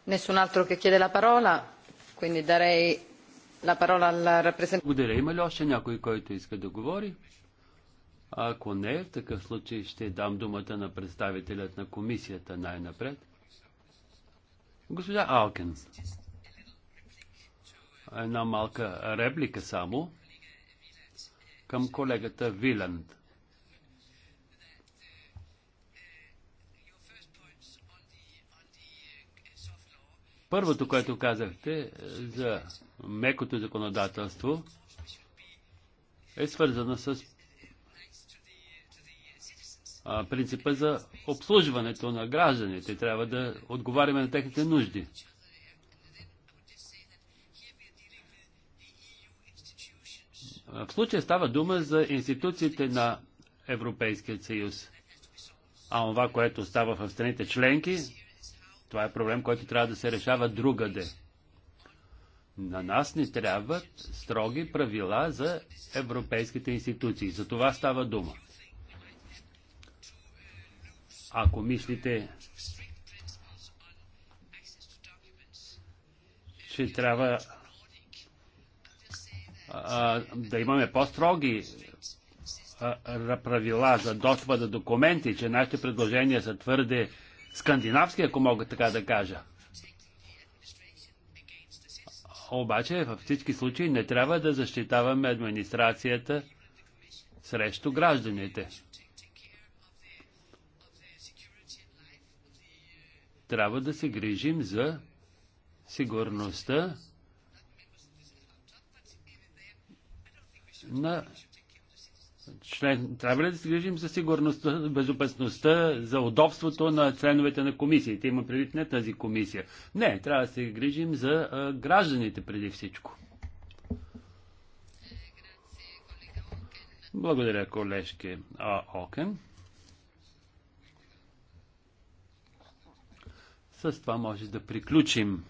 Nessun
altro che chiede la parola, quindi darei la parola al rappresentante. Благодаря.
Има ли още някой, който иска да говори? Ако не, в такъв случай ще дам думата на представителят на комисията най-напред. Госпожа Алкен. Една малка реплика само към колегата Виланд. Първото, което казахте е, за мекото законодателство, е свързано с принципа за обслужването на гражданите. Трябва да отговаряме на техните нужди. В случая става дума за институциите на Европейския съюз. А това, което става в страните членки, това е проблем, който трябва да се решава другаде. На нас ни трябват строги правила за европейските институции. За това става дума. Ако мислите, че трябва а, да имаме по-строги правила за достъпа до документи, че нашите предложения са твърде скандинавски, ако мога така да кажа. Обаче във всички случаи не трябва да защитаваме администрацията срещу гражданите. Трябва да се грижим за сигурността на член... Трябва ли да се грижим за сигурността, за безопасността, за удобството на членовете на комисиите? Има предвид не тази комисия. Не, трябва да се грижим за гражданите преди всичко. Благодаря, колежки а, Окен. С това може да приключим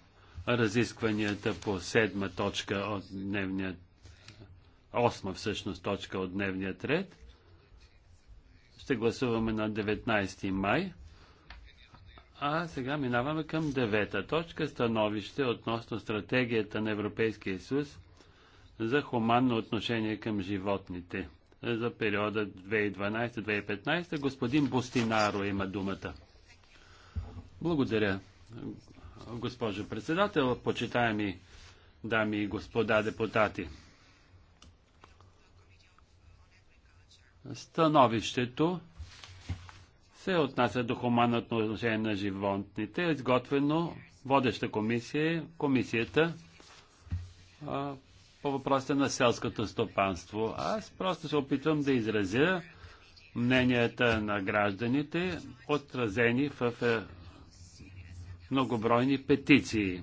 разискванията по седма точка от дневният осма всъщност точка от дневния ред. Ще гласуваме на 19 май. А сега минаваме към девета точка становище относно стратегията на Европейския съюз за хуманно отношение към животните за периода 2012-2015. Господин Бостинаро има думата. Благодаря, госпожо председател, почитаеми дами и господа депутати. Становището се отнася до хуманното отношение на животните, е изготвено водеща комисия, е комисията а, по въпросите на селското стопанство. Аз просто се опитвам да изразя мненията на гражданите, отразени в е, многобройни петиции.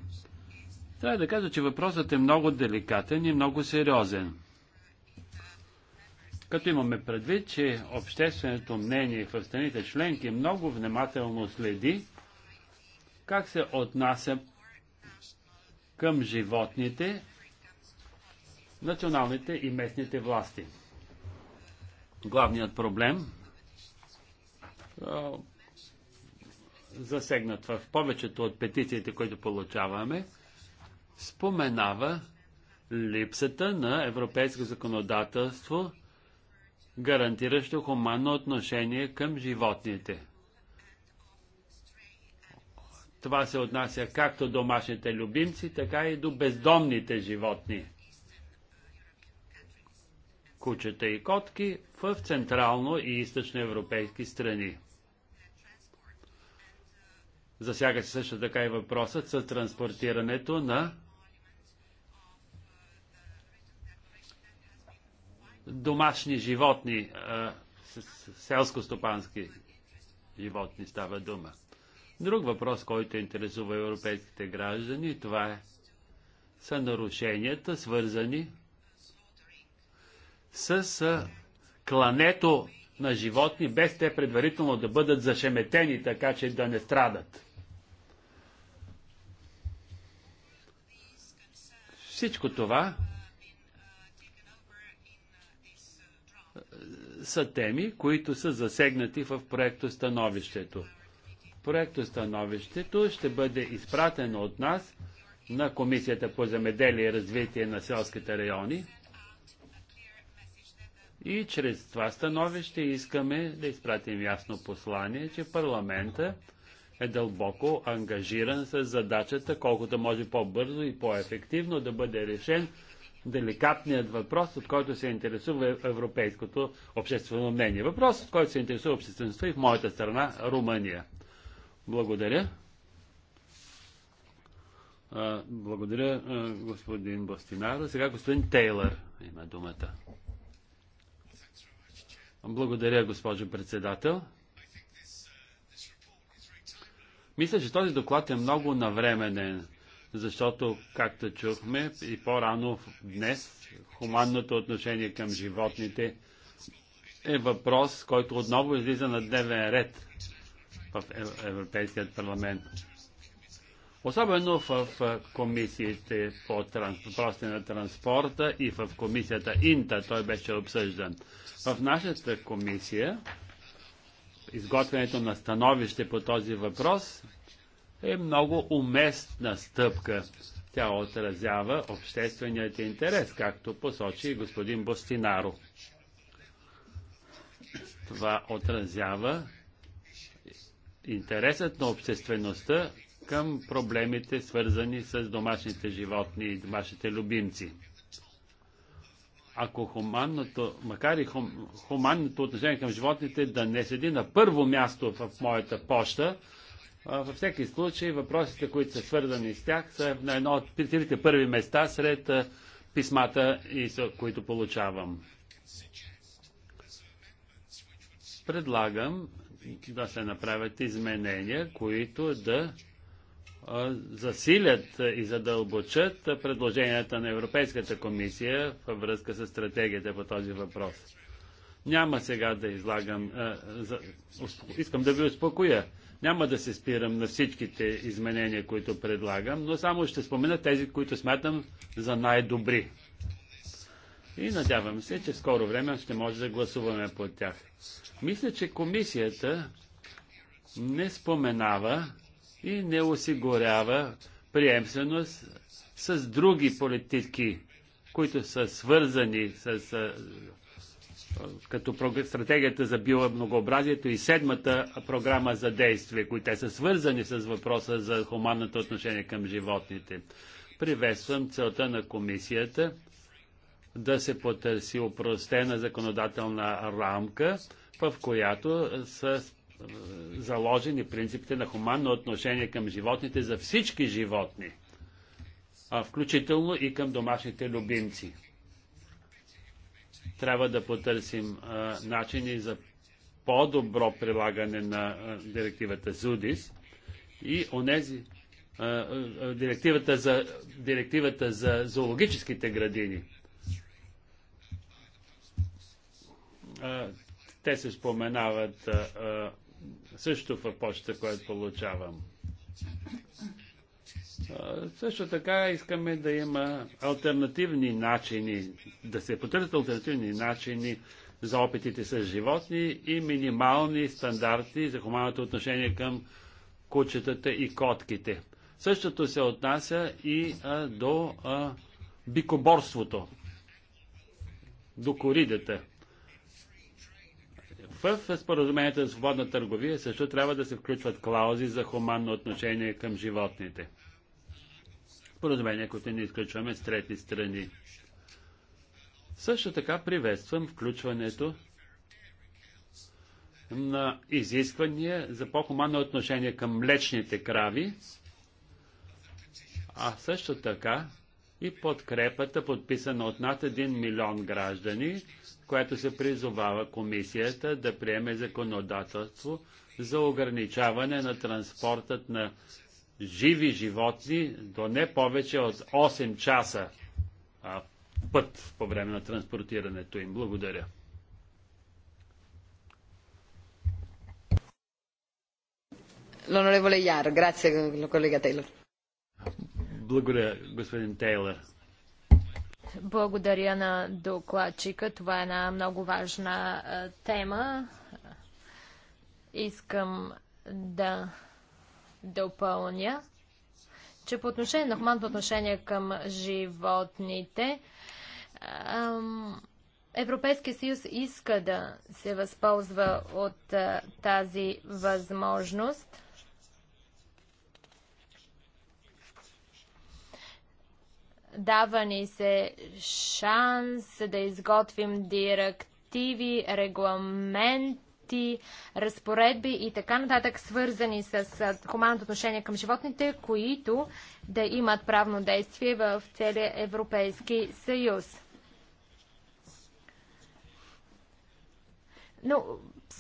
Трябва да кажа, че въпросът е много деликатен и много сериозен. Като имаме предвид, че общественото мнение в страните членки много внимателно следи как се отнася към животните националните и местните власти. Главният проблем, засегнат в повечето от петициите, които получаваме, споменава липсата на европейско законодателство – гарантиращо хуманно отношение към животните. Това се отнася както до домашните любимци, така и до бездомните животни. Кучета и котки в централно и източно европейски страни. Засяга се също така и въпросът с транспортирането на домашни животни, селско-стопански животни става дума. Друг въпрос, който интересува европейските граждани, това е, са нарушенията, свързани с клането на животни, без те предварително да бъдат зашеметени, така че да не страдат. Всичко това са теми, които са засегнати в проектостановището. Проектостановището ще бъде изпратено от нас на Комисията по земеделие и развитие на селските райони. И чрез това становище искаме да изпратим ясно послание, че парламента е дълбоко ангажиран с задачата, колкото може по-бързо и по-ефективно да бъде решен деликатният въпрос, от който се интересува европейското обществено мнение. Въпрос, от който се интересува обществеността и в моята страна, Румъния. Благодаря. Благодаря, господин Бостинар. Сега господин Тейлър има думата. Благодаря, госпожо председател. Мисля, че този доклад е много навременен защото, както чухме и по-рано днес, хуманното отношение към животните е въпрос, който отново излиза на дневен ред в Европейският парламент. Особено в комисиите по въпросите на транспорта и в комисията Инта той беше обсъждан. В нашата комисия изготвянето на становище по този въпрос е много уместна стъпка. Тя отразява общественият интерес, както посочи господин Бостинаро. Това отразява интересът на обществеността към проблемите, свързани с домашните животни и домашните любимци. Ако хуманното, макар и хум, хуманното отношение към животните да не седи на първо място в моята поща, във всеки случай, въпросите, които са свързани с тях, са на едно от трите първи места сред писмата, които получавам. Предлагам да се направят изменения, които да засилят и задълбочат предложенията на Европейската комисия във връзка с стратегията по този въпрос. Няма сега да излагам. Искам да ви успокоя няма да се спирам на всичките изменения, които предлагам, но само ще спомена тези, които смятам за най-добри. И надявам се, че в скоро време ще може да гласуваме по тях. Мисля, че комисията не споменава и не осигурява приемственост с други политики, които са свързани с като стратегията за биомногообразието и седмата програма за действие, които са свързани с въпроса за хуманното отношение към животните. Приветствам целта на комисията да се потърси упростена законодателна рамка, в която са е, заложени принципите на хуманно отношение към животните за всички животни, включително и към домашните любимци. Трябва да потърсим начини за по-добро прилагане на директивата ЗУДИС и онези директивата за, директивата за зоологическите градини. те се споменават също в почта, която получавам. Също така искаме да има альтернативни начини, да се потърсят альтернативни начини за опитите с животни и минимални стандарти за хуманното отношение към кучетата и котките. Същото се отнася и а, до а, бикоборството, до коридата. В споразумението за свободна търговия също трябва да се включват клаузи за хуманно отношение към животните споразумения, които не изключваме с трети страни. Също така приветствам включването на изисквания за по-хуманно отношение към млечните крави, а също така и подкрепата, подписана от над 1 милион граждани, която се призовава комисията да приеме законодателство за ограничаване на транспортът на живи животни до не повече от 8 часа а, път по време на транспортирането им. Благодаря.
L'onorevole grazie
Благодаря, господин Тейлор.
Благодаря на докладчика. Това е една много важна тема. Искам да допълня, че по отношение на хуманното отношение към животните, Европейския съюз иска да се възползва от тази възможност. Дава ни се шанс да изготвим директиви, регламент, ти разпоредби и така нататък, свързани с хуманното отношение към животните, които да имат правно действие в целия Европейски съюз. Но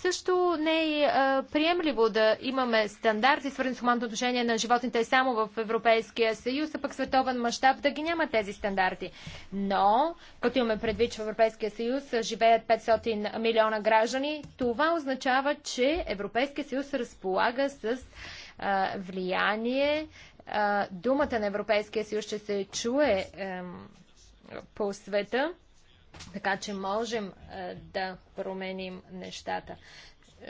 също не е приемливо да имаме стандарти, свързани с хуманното отношение на животните само в Европейския съюз, а пък световен мащаб да ги няма тези стандарти. Но, като имаме предвид, че в Европейския съюз живеят 500 милиона граждани, това означава, че Европейския съюз разполага с а, влияние. А, думата на Европейския съюз ще се чуе по света. Така че можем да променим нещата.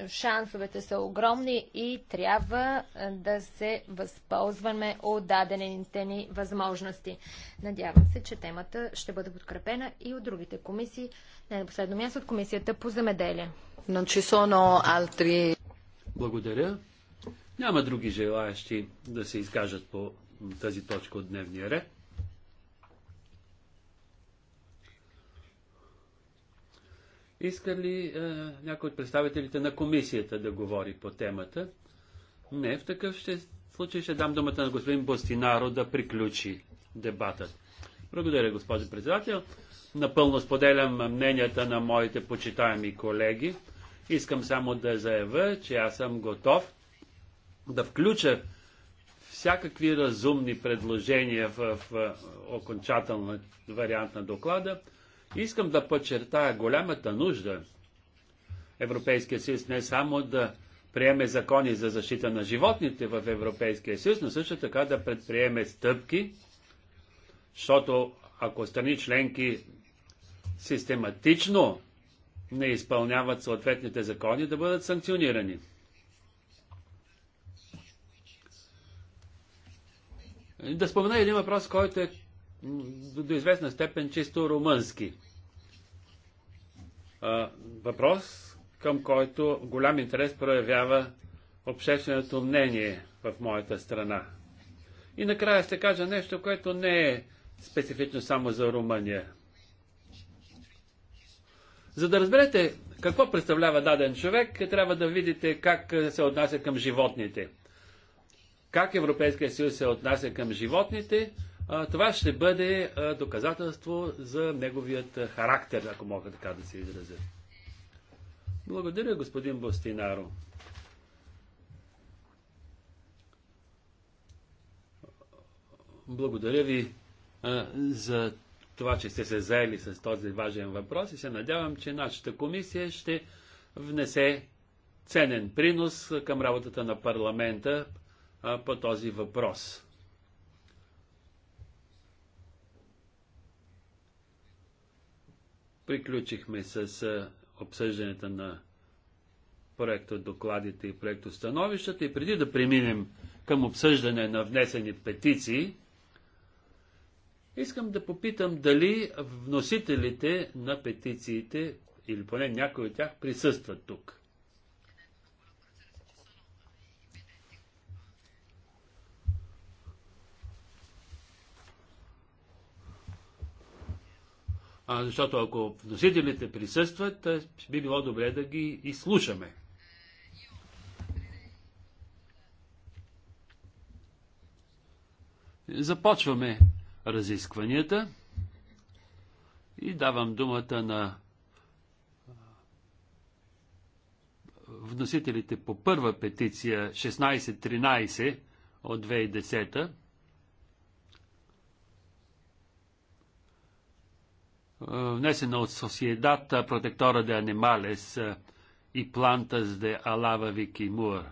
Шансовете са огромни и трябва да се възползваме от дадените ни възможности. Надявам се, че темата ще бъде подкрепена и от другите комисии, не на последно място от Комисията по земеделие.
Благодаря. Няма други желаящи да се изкажат по тази точка от дневния ред. Иска ли е, някой от представителите на комисията да говори по темата? Не, в такъв ще, случай ще дам думата на господин Бостинаро да приключи дебатът. Благодаря, госпожо председател. Напълно споделям мненията на моите почитаеми колеги. Искам само да заявя, че аз съм готов да включа всякакви разумни предложения в, в окончателен вариант на доклада. Искам да подчертая голямата нужда Европейския съюз не само да приеме закони за защита на животните в Европейския съюз, но също така да предприеме стъпки, защото ако страни членки систематично не изпълняват съответните закони, да бъдат санкционирани. Да спомена един въпрос, който е до, до известна степен чисто румънски. А, въпрос, към който голям интерес проявява общественото мнение в моята страна. И накрая ще кажа нещо, което не е специфично само за Румъния. За да разберете какво представлява даден човек, трябва да видите как се отнася към животните. Как Европейския съюз се отнася към животните това ще бъде доказателство за неговият характер, ако мога така да се изразя. Благодаря, господин Бостинаро. Благодаря ви за това, че сте се заели с този важен въпрос и се надявам, че нашата комисия ще внесе ценен принос към работата на парламента по този въпрос. Приключихме с обсъждането на проекта докладите и проекта становищата и преди да преминем към обсъждане на внесени петиции, искам да попитам дали вносителите на петициите или поне някои от тях присъстват тук. А, защото ако вносителите присъстват, е, би било добре да ги изслушаме. Започваме разискванията и давам думата на вносителите по първа петиция 1613 от 2010 Е, внесена от Sociedad Protectora de Animales е, и Plantas de Alava Викимур.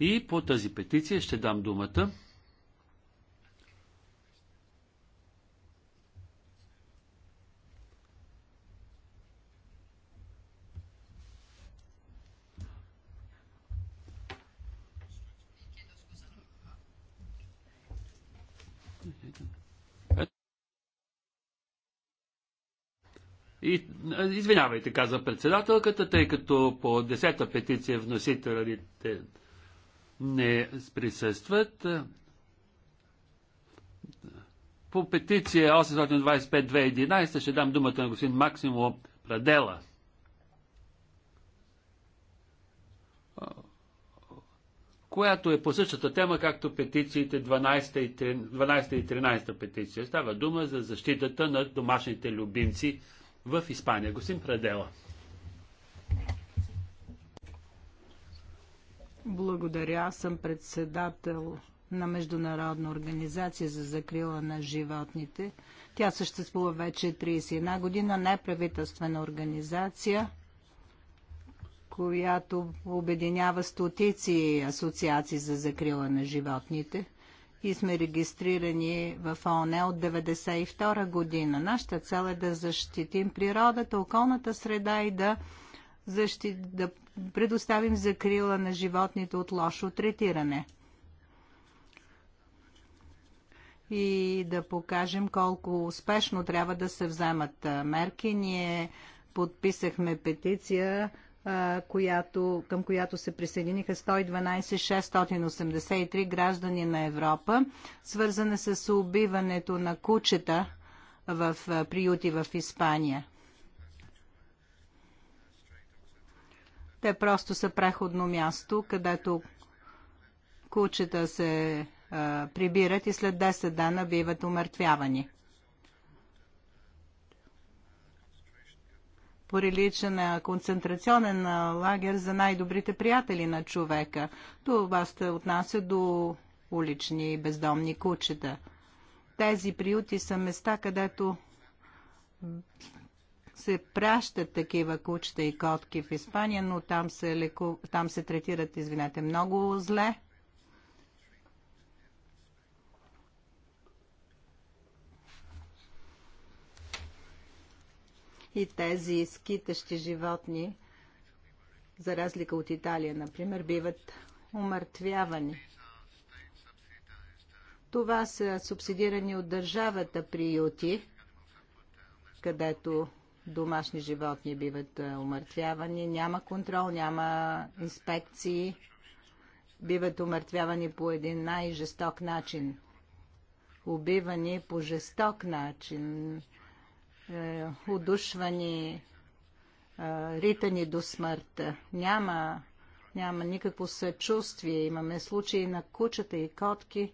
И по тази петиция ще дам думата И, извинявайте, каза председателката, тъй като по десета петиция вносителите не присъстват. По петиция 825-2011 ще дам думата на господин Максимо Прадела. която е по същата тема, както петициите 12 и 13, 12 и 13 петиция. Става дума за защитата на домашните любимци в Испания. Господин Предела.
Благодаря. Аз съм председател на Международна организация за закрила на животните. Тя съществува вече 31 година, неправителствена организация, която обединява стотици асоциации за закрила на животните – и сме регистрирани в ООН от 1992 година. Нашата цел е да защитим природата, околната среда и да, защит, да предоставим закрила на животните от лошо третиране. И да покажем колко успешно трябва да се вземат мерки. Ние подписахме петиция която, към която се присъединиха 112 683 граждани на Европа, свързана с убиването на кучета в приюти в Испания. Те просто са преходно място, където кучета се прибират и след 10 дена биват умъртвявани. прилича на концентрационен лагер за най-добрите приятели на човека. Това се отнася до улични бездомни кучета. Тези приюти са места, където се пращат такива кучета и котки в Испания, но там се, леку... там се третират, извинете, много зле и тези скитащи животни, за разлика от Италия, например, биват умъртвявани. Това са субсидирани от държавата приюти, където домашни животни биват е, умъртвявани, няма контрол, няма инспекции, биват умъртвявани по един най-жесток начин, убивани по жесток начин, е, удушвани, е, ритани до смърт. Няма, няма никакво съчувствие. Имаме случаи на кучета и котки.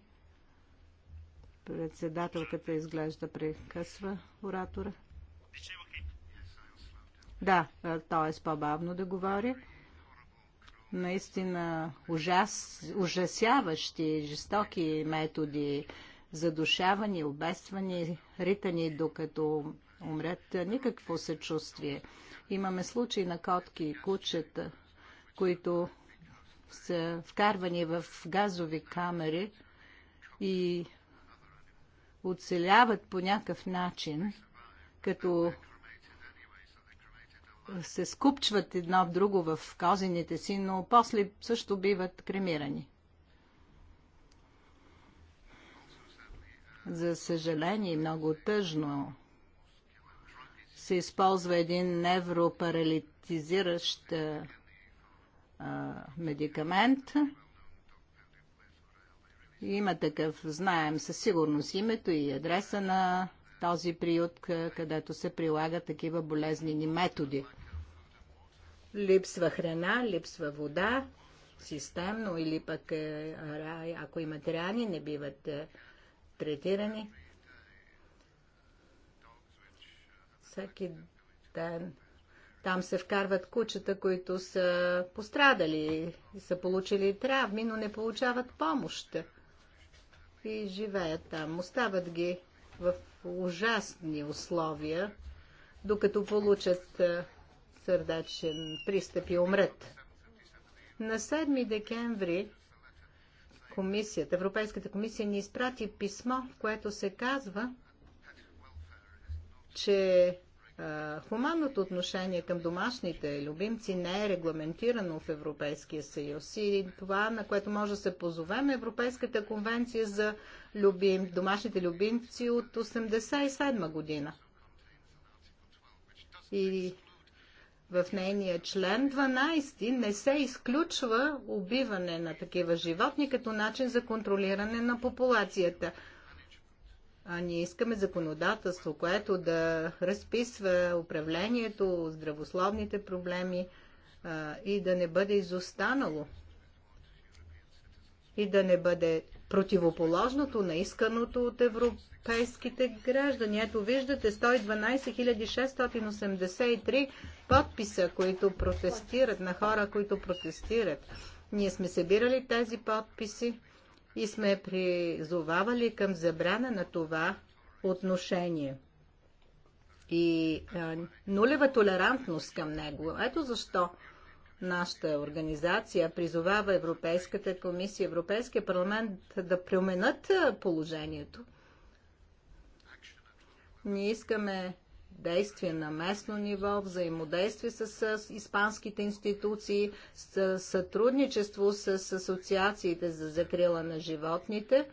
Председателката изглежда прекъсва оратора. Да, т.е. Е по-бавно да говори. Наистина ужас, ужасяващи, жестоки методи задушавани, обествани, ритани, докато умрат. Никакво съчувствие. Имаме случаи на котки и кучета, които са вкарвани в газови камери и оцеляват по някакъв начин, като се скупчват едно в друго в козините си, но после също биват кремирани. За съжаление, много тъжно се използва един невропарализиращ медикамент. Има такъв, знаем със сигурност името и адреса на този приют, където се прилагат такива болезнени методи. Липсва храна, липсва вода, системно или пък ако имат рани, не биват третирани. всеки ден. Там се вкарват кучета, които са пострадали, са получили травми, но не получават помощ. И живеят там. Остават ги в ужасни условия, докато получат сърдечен пристъп и умрат. На 7 декември комисията, Европейската комисия ни изпрати писмо, в което се казва, че е, хуманното отношение към домашните любимци не е регламентирано в Европейския съюз и това, на което може да се позовем, е Европейската конвенция за любим, домашните любимци от 1987 година. И в нейния член 12 не се изключва убиване на такива животни като начин за контролиране на популацията – а ние искаме законодателство, което да разписва управлението, здравословните проблеми а, и да не бъде изостанало. И да не бъде противоположното на исканото от европейските граждани. Ето виждате 112 683 подписа, които протестират, на хора, които протестират. Ние сме събирали тези подписи и сме призовавали към забрана на това отношение и а, нулева толерантност към него. Ето защо нашата организация призовава Европейската комисия, Европейския парламент да променят положението. Ние искаме действие на местно ниво, взаимодействие с, с испанските институции, с, сътрудничество с, с асоциациите за закрила на животните.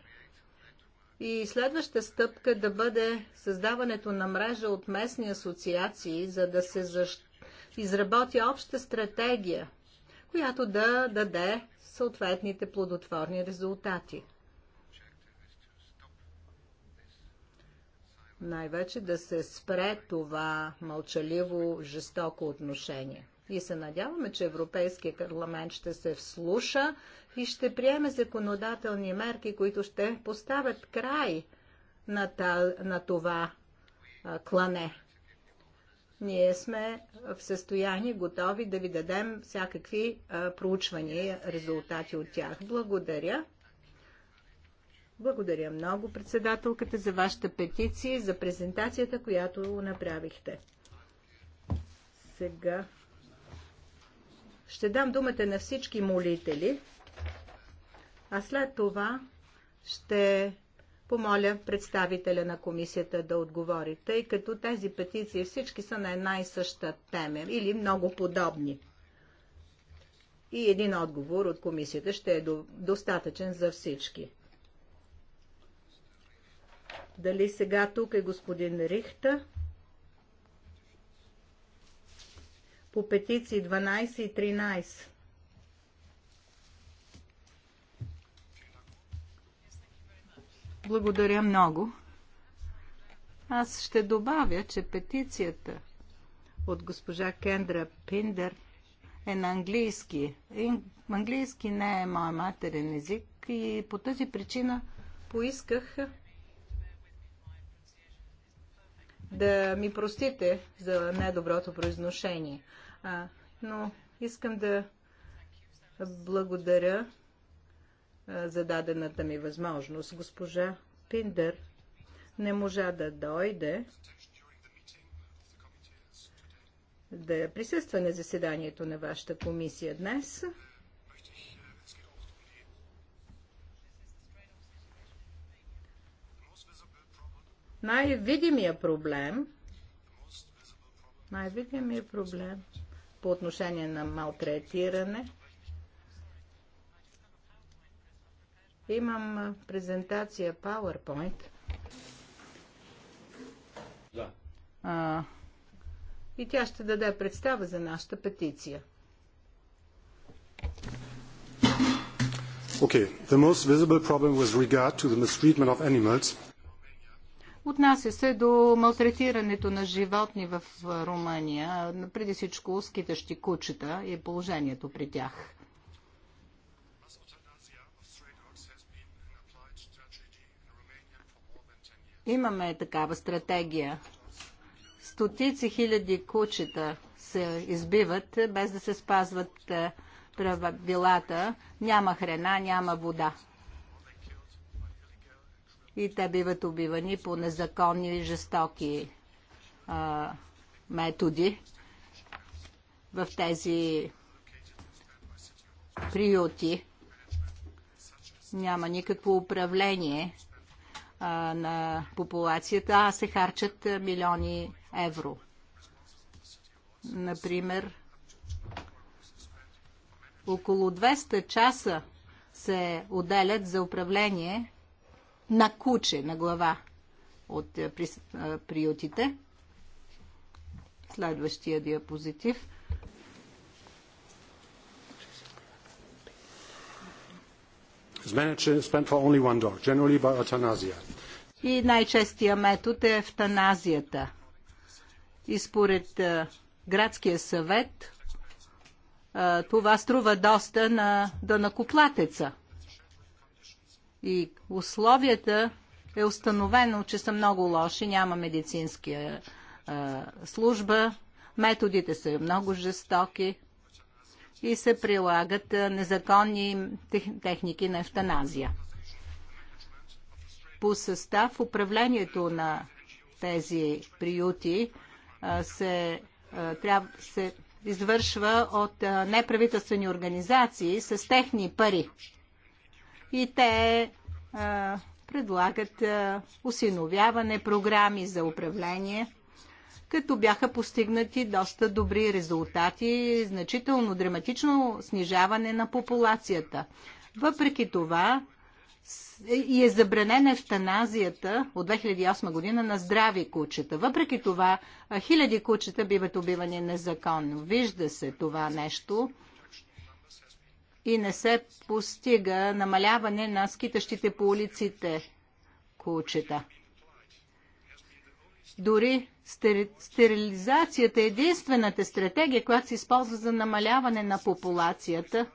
И следваща стъпка да бъде създаването на мрежа от местни асоциации, за да се защ... изработи обща стратегия, която да даде съответните плодотворни резултати. най-вече да се спре това мълчаливо, жестоко отношение. И се надяваме, че Европейския парламент ще се вслуша и ще приеме законодателни мерки, които ще поставят край на, та, на това а, клане. Ние сме в състояние готови да ви дадем всякакви а, проучвания, резултати от тях. Благодаря. Благодаря много, председателката, за вашата петиция и за презентацията, която направихте. Сега ще дам думата на всички молители, а след това ще помоля представителя на комисията да отговори, тъй като тези петиции всички са на една и съща тема или много подобни. И един отговор от комисията ще е достатъчен за всички. Дали сега тук е господин Рихта? По петиции 12 и 13. Благодаря много. Аз ще добавя, че петицията от госпожа Кендра Пиндер е на английски. Английски не е моят матерен език и по тази причина поисках да ми простите за недоброто произношение. А, но искам да благодаря а, за дадената ми възможност. Госпожа Пиндер не можа да дойде да присъства на заседанието на вашата комисия днес. Най-видимия проблем, най-видимия проблем по отношение на малтретиране, имам презентация PowerPoint. Да. А, и тя ще даде представа за нашата петиция.
Okay, the most visible problem with regard to the mistreatment of animals
Отнася се до малтретирането на животни в Румъния, преди всичко скитащи кучета и положението при тях. Имаме такава стратегия. Стотици хиляди кучета се избиват, без да се спазват е, правилата. Няма храна, няма вода и те биват убивани по незаконни и жестоки а, методи в тези приюти. Няма никакво управление а, на популацията, а се харчат милиони евро. Например, около 200 часа се отделят за управление на куче, на глава от е, е, приютите. Следващия диапозитив. И най-честия метод е евтаназията. И според е, градския съвет това струва доста на данакоплатеца и условията е установено, че са много лоши, няма медицинска служба, методите са много жестоки и се прилагат незаконни техники на ефтаназия. По състав управлението на тези приюти се, трябва, се извършва от неправителствени организации с техни пари и те а, предлагат а, усиновяване, програми за управление, като бяха постигнати доста добри резултати, значително драматично снижаване на популацията. Въпреки това, и е забранена евтаназията от 2008 година на здрави кучета. Въпреки това, хиляди кучета биват убивани незаконно. Вижда се това нещо и не се постига намаляване на скитащите по улиците кучета. Дори стерилизацията е единствената стратегия, която се използва за намаляване на популацията.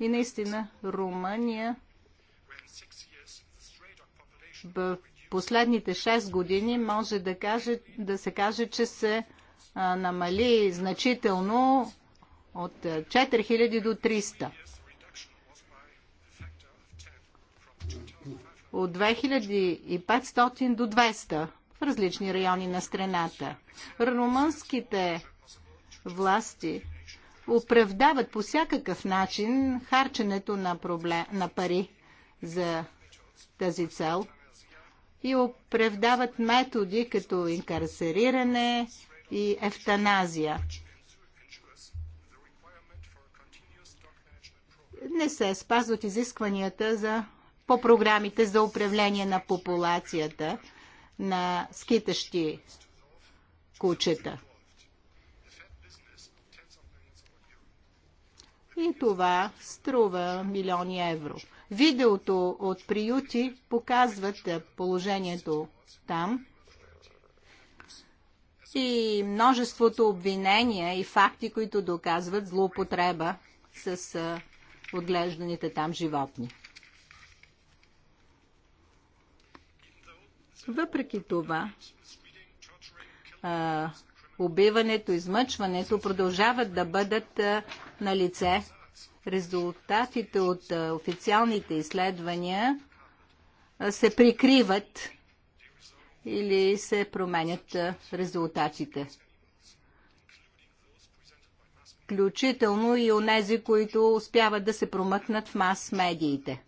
И наистина Румъния в последните 6 години може да, каже, да се каже, че се намали значително от 4000 е, до 300. От 2500 до 200 в различни райони на страната. Румънските власти оправдават по всякакъв начин харченето на, проблем, на пари за тази цел и оправдават методи като инкарцериране и ефтаназия. не се спазват изискванията за, по програмите за управление на популацията на скитащи кучета. И това струва милиони евро. Видеото от приюти показват положението там и множеството обвинения и факти, които доказват злоупотреба с отглежданите там животни. Въпреки това, а, убиването, измъчването продължават да бъдат а, на лице. Резултатите от а, официалните изследвания се прикриват или се променят резултатите включително и онези, които успяват да се промъкнат в мас-медиите.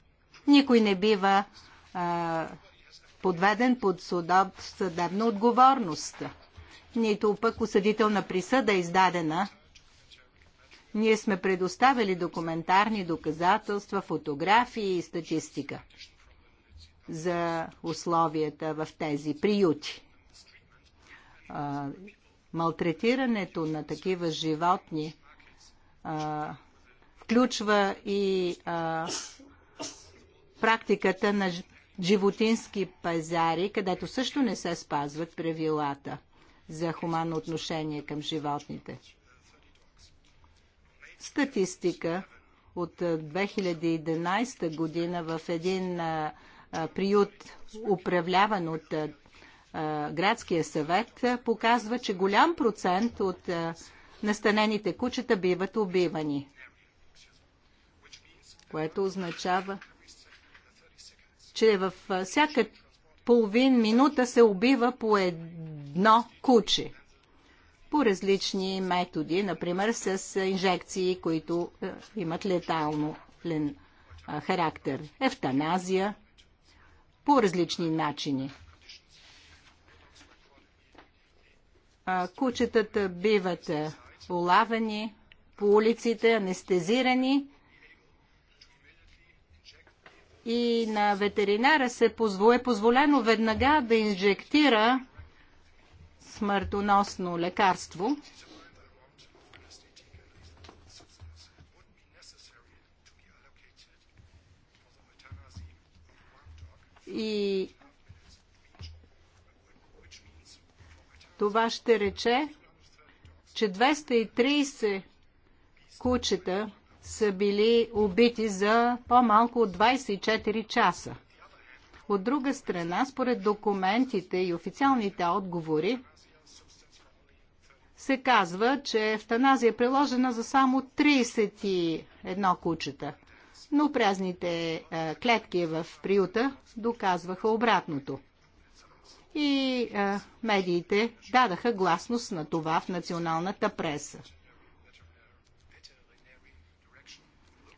Никой не бива а, подведен под судоб, съдебна отговорност, нито пък осъдителна присъда е издадена. Ние сме предоставили документарни доказателства, фотографии и статистика за условията в тези приюти. А, малтретирането на такива животни включва и а, практиката на животински пазари, където също не се спазват правилата за хуманно отношение към животните. Статистика от 2011 година в един а, приют, управляван от а, градския съвет, показва, че голям процент от а, настанените кучета биват убивани. Което означава, че във всяка половин минута се убива по едно куче по различни методи, например с инжекции, които имат летално характер, ефтаназия, по различни начини. Кучетата биват улавени по улиците, анестезирани. И на ветеринара се е позволено веднага да инжектира смъртоносно лекарство. И това ще рече, че 230 кучета са били убити за по-малко от 24 часа. От друга страна, според документите и официалните отговори, се казва, че евтаназия е приложена за само 31 кучета. Но празните е, клетки в приюта доказваха обратното и а, медиите дадаха гласност на това в националната преса.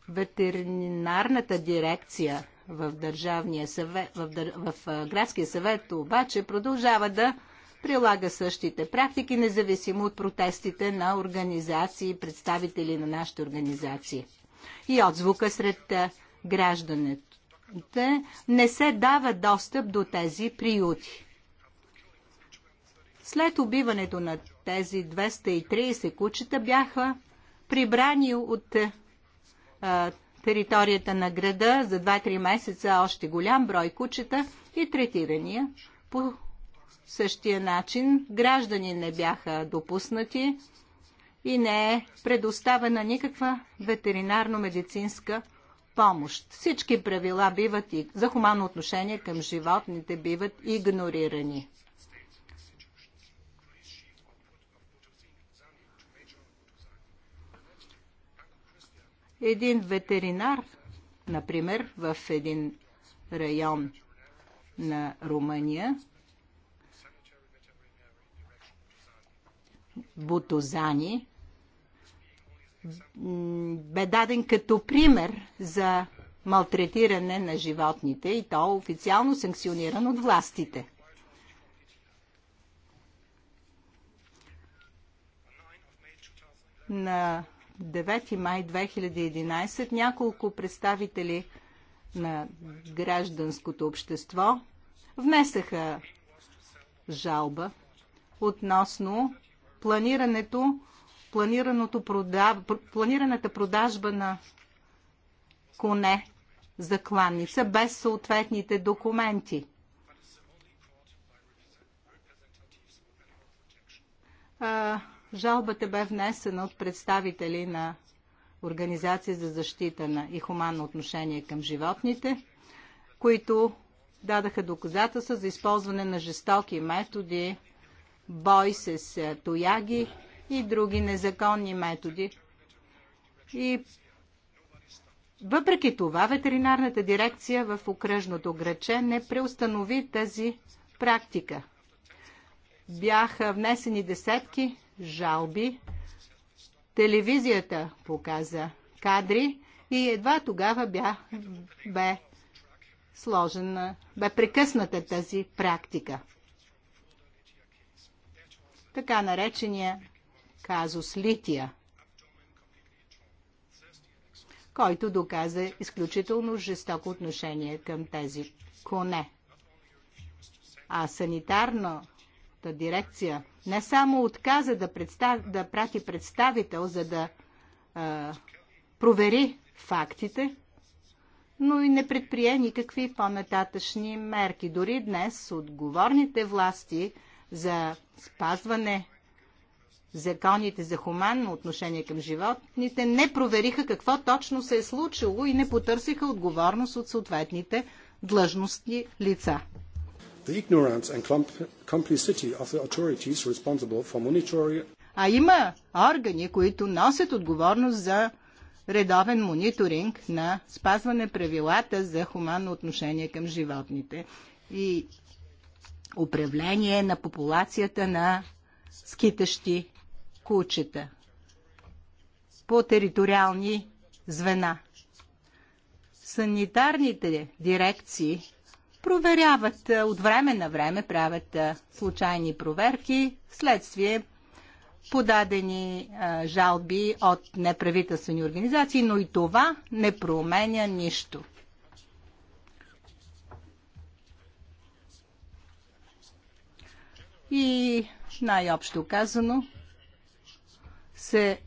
Ветеринарната дирекция в, държавния съвет, в, дър... в градския съвет обаче продължава да прилага същите практики, независимо от протестите на организации, представители на нашите организации. И отзвука сред гражданите не се дава достъп до тези приюти. След убиването на тези 230 кучета бяха прибрани от а, територията на града за 2-3 месеца още голям брой кучета и третирания по същия начин. Граждани не бяха допуснати и не е предоставена никаква ветеринарно-медицинска помощ. Всички правила биват и за хуманно отношение към животните биват игнорирани. Един ветеринар, например, в един район на Румъния, Бутозани, бе даден като пример за малтретиране на животните и то официално санкциониран от властите. На 9 май 2011 няколко представители на гражданското общество внесаха жалба относно планирането, планираното продав, планираната продажба на коне за кланница без съответните документи. А, Жалбата бе внесена от представители на Организация за защита на и хуманно отношение към животните, които дадаха доказателства за използване на жестоки методи, бой с е, тояги и други незаконни методи. И въпреки това, ветеринарната дирекция в окръжното граче не преустанови тази практика. Бяха внесени десетки жалби. Телевизията показа кадри и едва тогава бя, бе сложена, бе прекъсната тази практика. Така наречения казус Лития, който доказа изключително жестоко отношение към тези коне. А санитарно генералната дирекция не само отказа да, представ... да прати представител, за да а, провери фактите, но и не предприе никакви по-нататъчни мерки. Дори днес отговорните власти за спазване законите за хуманно отношение към животните не провериха какво точно се е случило и не потърсиха отговорност от съответните длъжностни лица
the ignorance and complicity of the authorities responsible for monitoring.
А има органи, които носят отговорност за редовен мониторинг на спазване правилата за хуманно отношение към животните и управление на популацията на скитащи кучета по териториални звена. Санитарните дирекции проверяват е, от време на време, правят е, случайни проверки вследствие подадени е, жалби от неправителствени организации, но и това не променя нищо. И най-общо казано се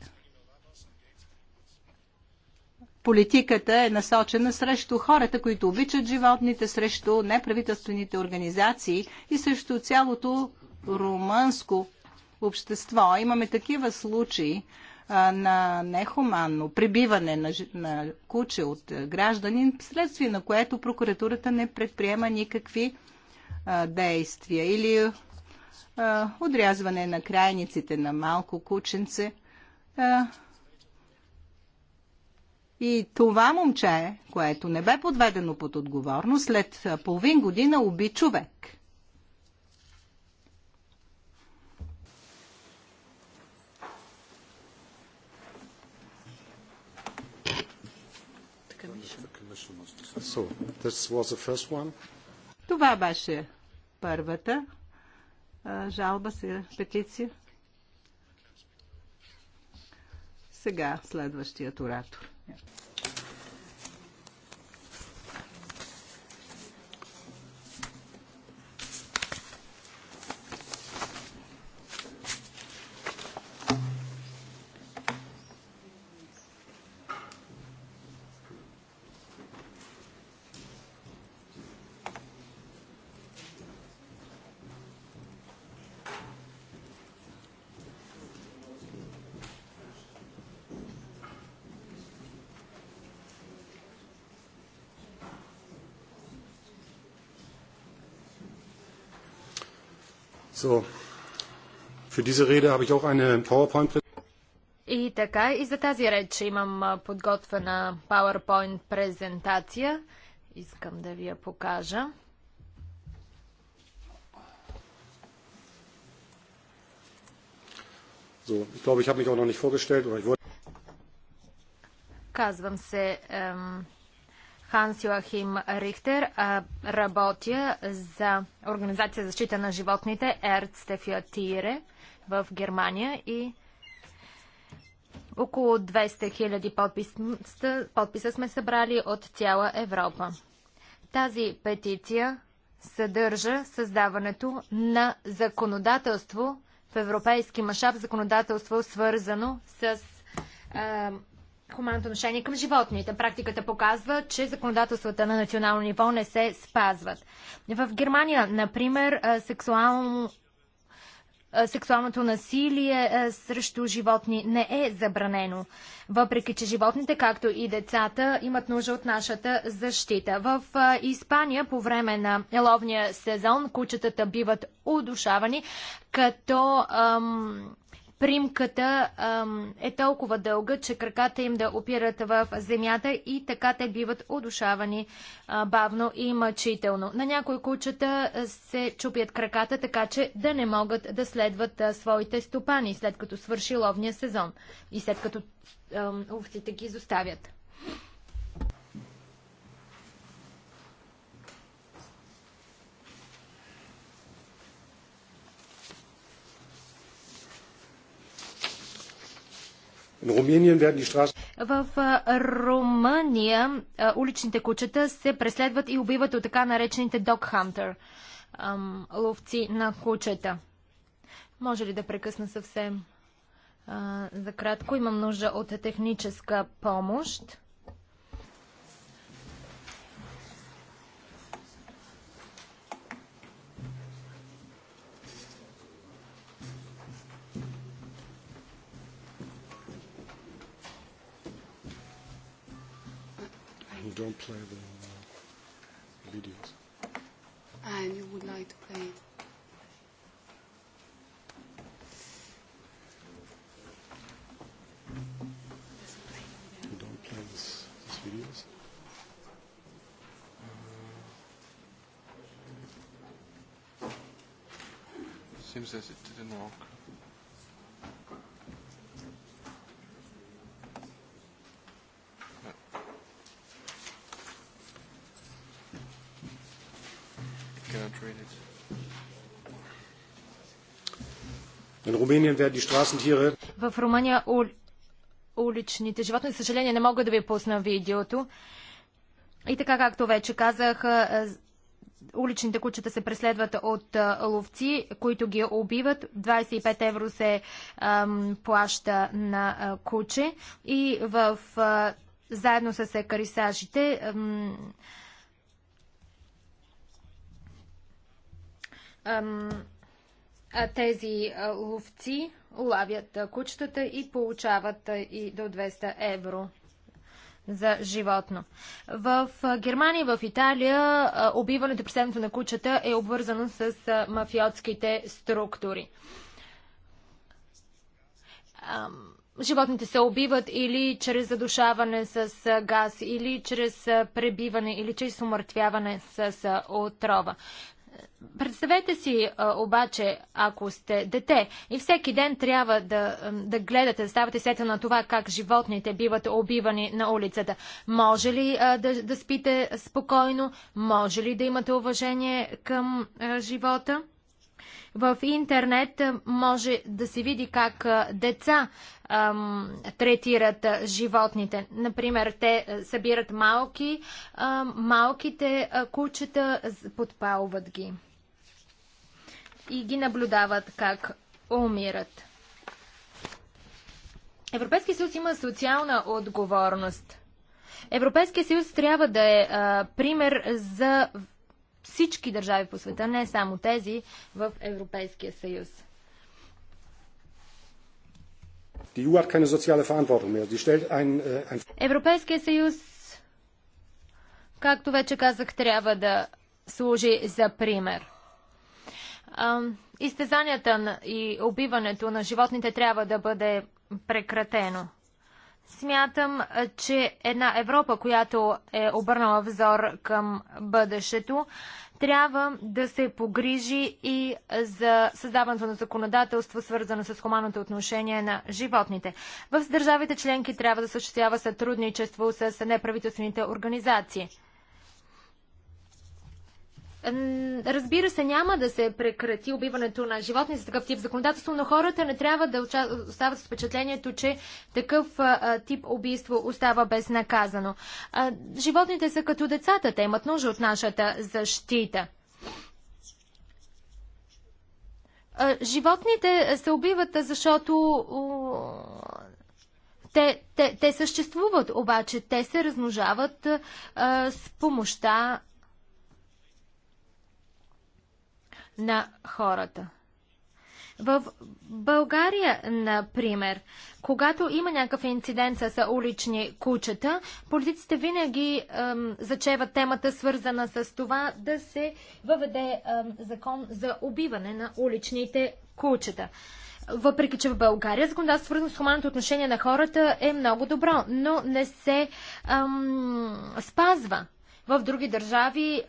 политиката е насочена срещу хората, които обичат животните, срещу неправителствените организации и срещу цялото румънско общество. Имаме такива случаи а, на нехуманно прибиване на, на куче от гражданин, следствие на което прокуратурата не предприема никакви а, действия или а, отрязване на крайниците на малко кученце. А, и това момче, което не бе подведено под отговорност, след половин година уби човек. това беше първата жалба, се, петиция. Сега следващият оратор. Нещо.
So, für diese Rede habe ich auch eine PowerPoint
И така, и за тази реч имам подготвена PowerPoint презентация. Искам да ви я покажа.
So, ich glaube, ich habe mich auch noch nicht vorgestellt, oder ich wurde...
Казвам се ем, Ханс Йоахим Рихтер. Работя за Организация за защита на животните Ерцте Фиатире в Германия и около 200 000 подписа, подписа сме събрали от цяла Европа. Тази петиция съдържа създаването на законодателство в европейски мащаб, законодателство свързано с хуманното отношение към животните. Практиката показва, че законодателствата на национално ниво не се спазват. В Германия, например, сексуално сексуалното насилие срещу животни не е забранено. Въпреки, че животните, както и децата, имат нужда от нашата защита. В Испания по време на ловния сезон кучетата биват удушавани, като ам, примката е толкова дълга, че краката им да опират в земята и така те биват удушавани бавно и мъчително. На някои кучета се чупят краката, така че да не могат да следват своите стопани, след като свърши ловния сезон и след като овците ги изоставят.
В
Румъния уличните кучета се преследват и убиват от така наречените dog hunter, ловци на кучета. Може ли да прекъсна съвсем за кратко? Имам нужда от техническа помощ.
don't play the videos. And you would like to play it. don't play this, videos. Seems as it didn't work.
В Румъния уличните животни, за съжаление, не мога да ви пусна видеото. И така, както вече казах, уличните кучета се преследват от ловци, които ги убиват. 25 евро се ам, плаща на куче и в заедно с екарисажите ам, ам, тези ловци лавят кучетата и получават и до 200 евро за животно. В Германия и в Италия убиването и преследването на кучета е обвързано с мафиотските структури. Животните се убиват или чрез задушаване с газ, или чрез пребиване, или чрез умъртвяване с отрова. Представете си а, обаче, ако сте дете и всеки ден трябва да, да гледате, да ставате сета на това как животните биват убивани на улицата. Може ли а, да, да спите спокойно? Може ли да имате уважение към а, живота? В интернет може да се види как деца ам, третират животните. Например, те събират малки, ам, малките кучета, подпалват ги и ги наблюдават как умират. Европейския съюз има социална отговорност. Европейския съюз трябва да е а, пример за всички държави по света, не само тези в Европейския съюз.
Äh,
Европейския съюз, както вече казах, трябва да служи за пример. Изтезанията и убиването на животните трябва да бъде прекратено. Смятам, че една Европа, която е обърнала взор към бъдещето, трябва да се погрижи и за създаването на законодателство, свързано с хуманното отношение на животните. В държавите членки трябва да съществява сътрудничество с неправителствените организации. Разбира се, няма да се прекрати убиването на животни за такъв тип законодателство, но хората не трябва да остават с впечатлението, че такъв тип убийство остава безнаказано. животните са като децата, те имат нужда от нашата защита. животните се убиват, защото те, те, те съществуват, обаче те се размножават с помощта на хората. В България, например, когато има някакъв инцидент с улични кучета, политиците винаги ем, зачеват темата, свързана с това да се въведе ем, закон за убиване на уличните кучета. Въпреки, че в България законодателството, свързано с хуманното отношение на хората, е много добро, но не се ем, спазва в други държави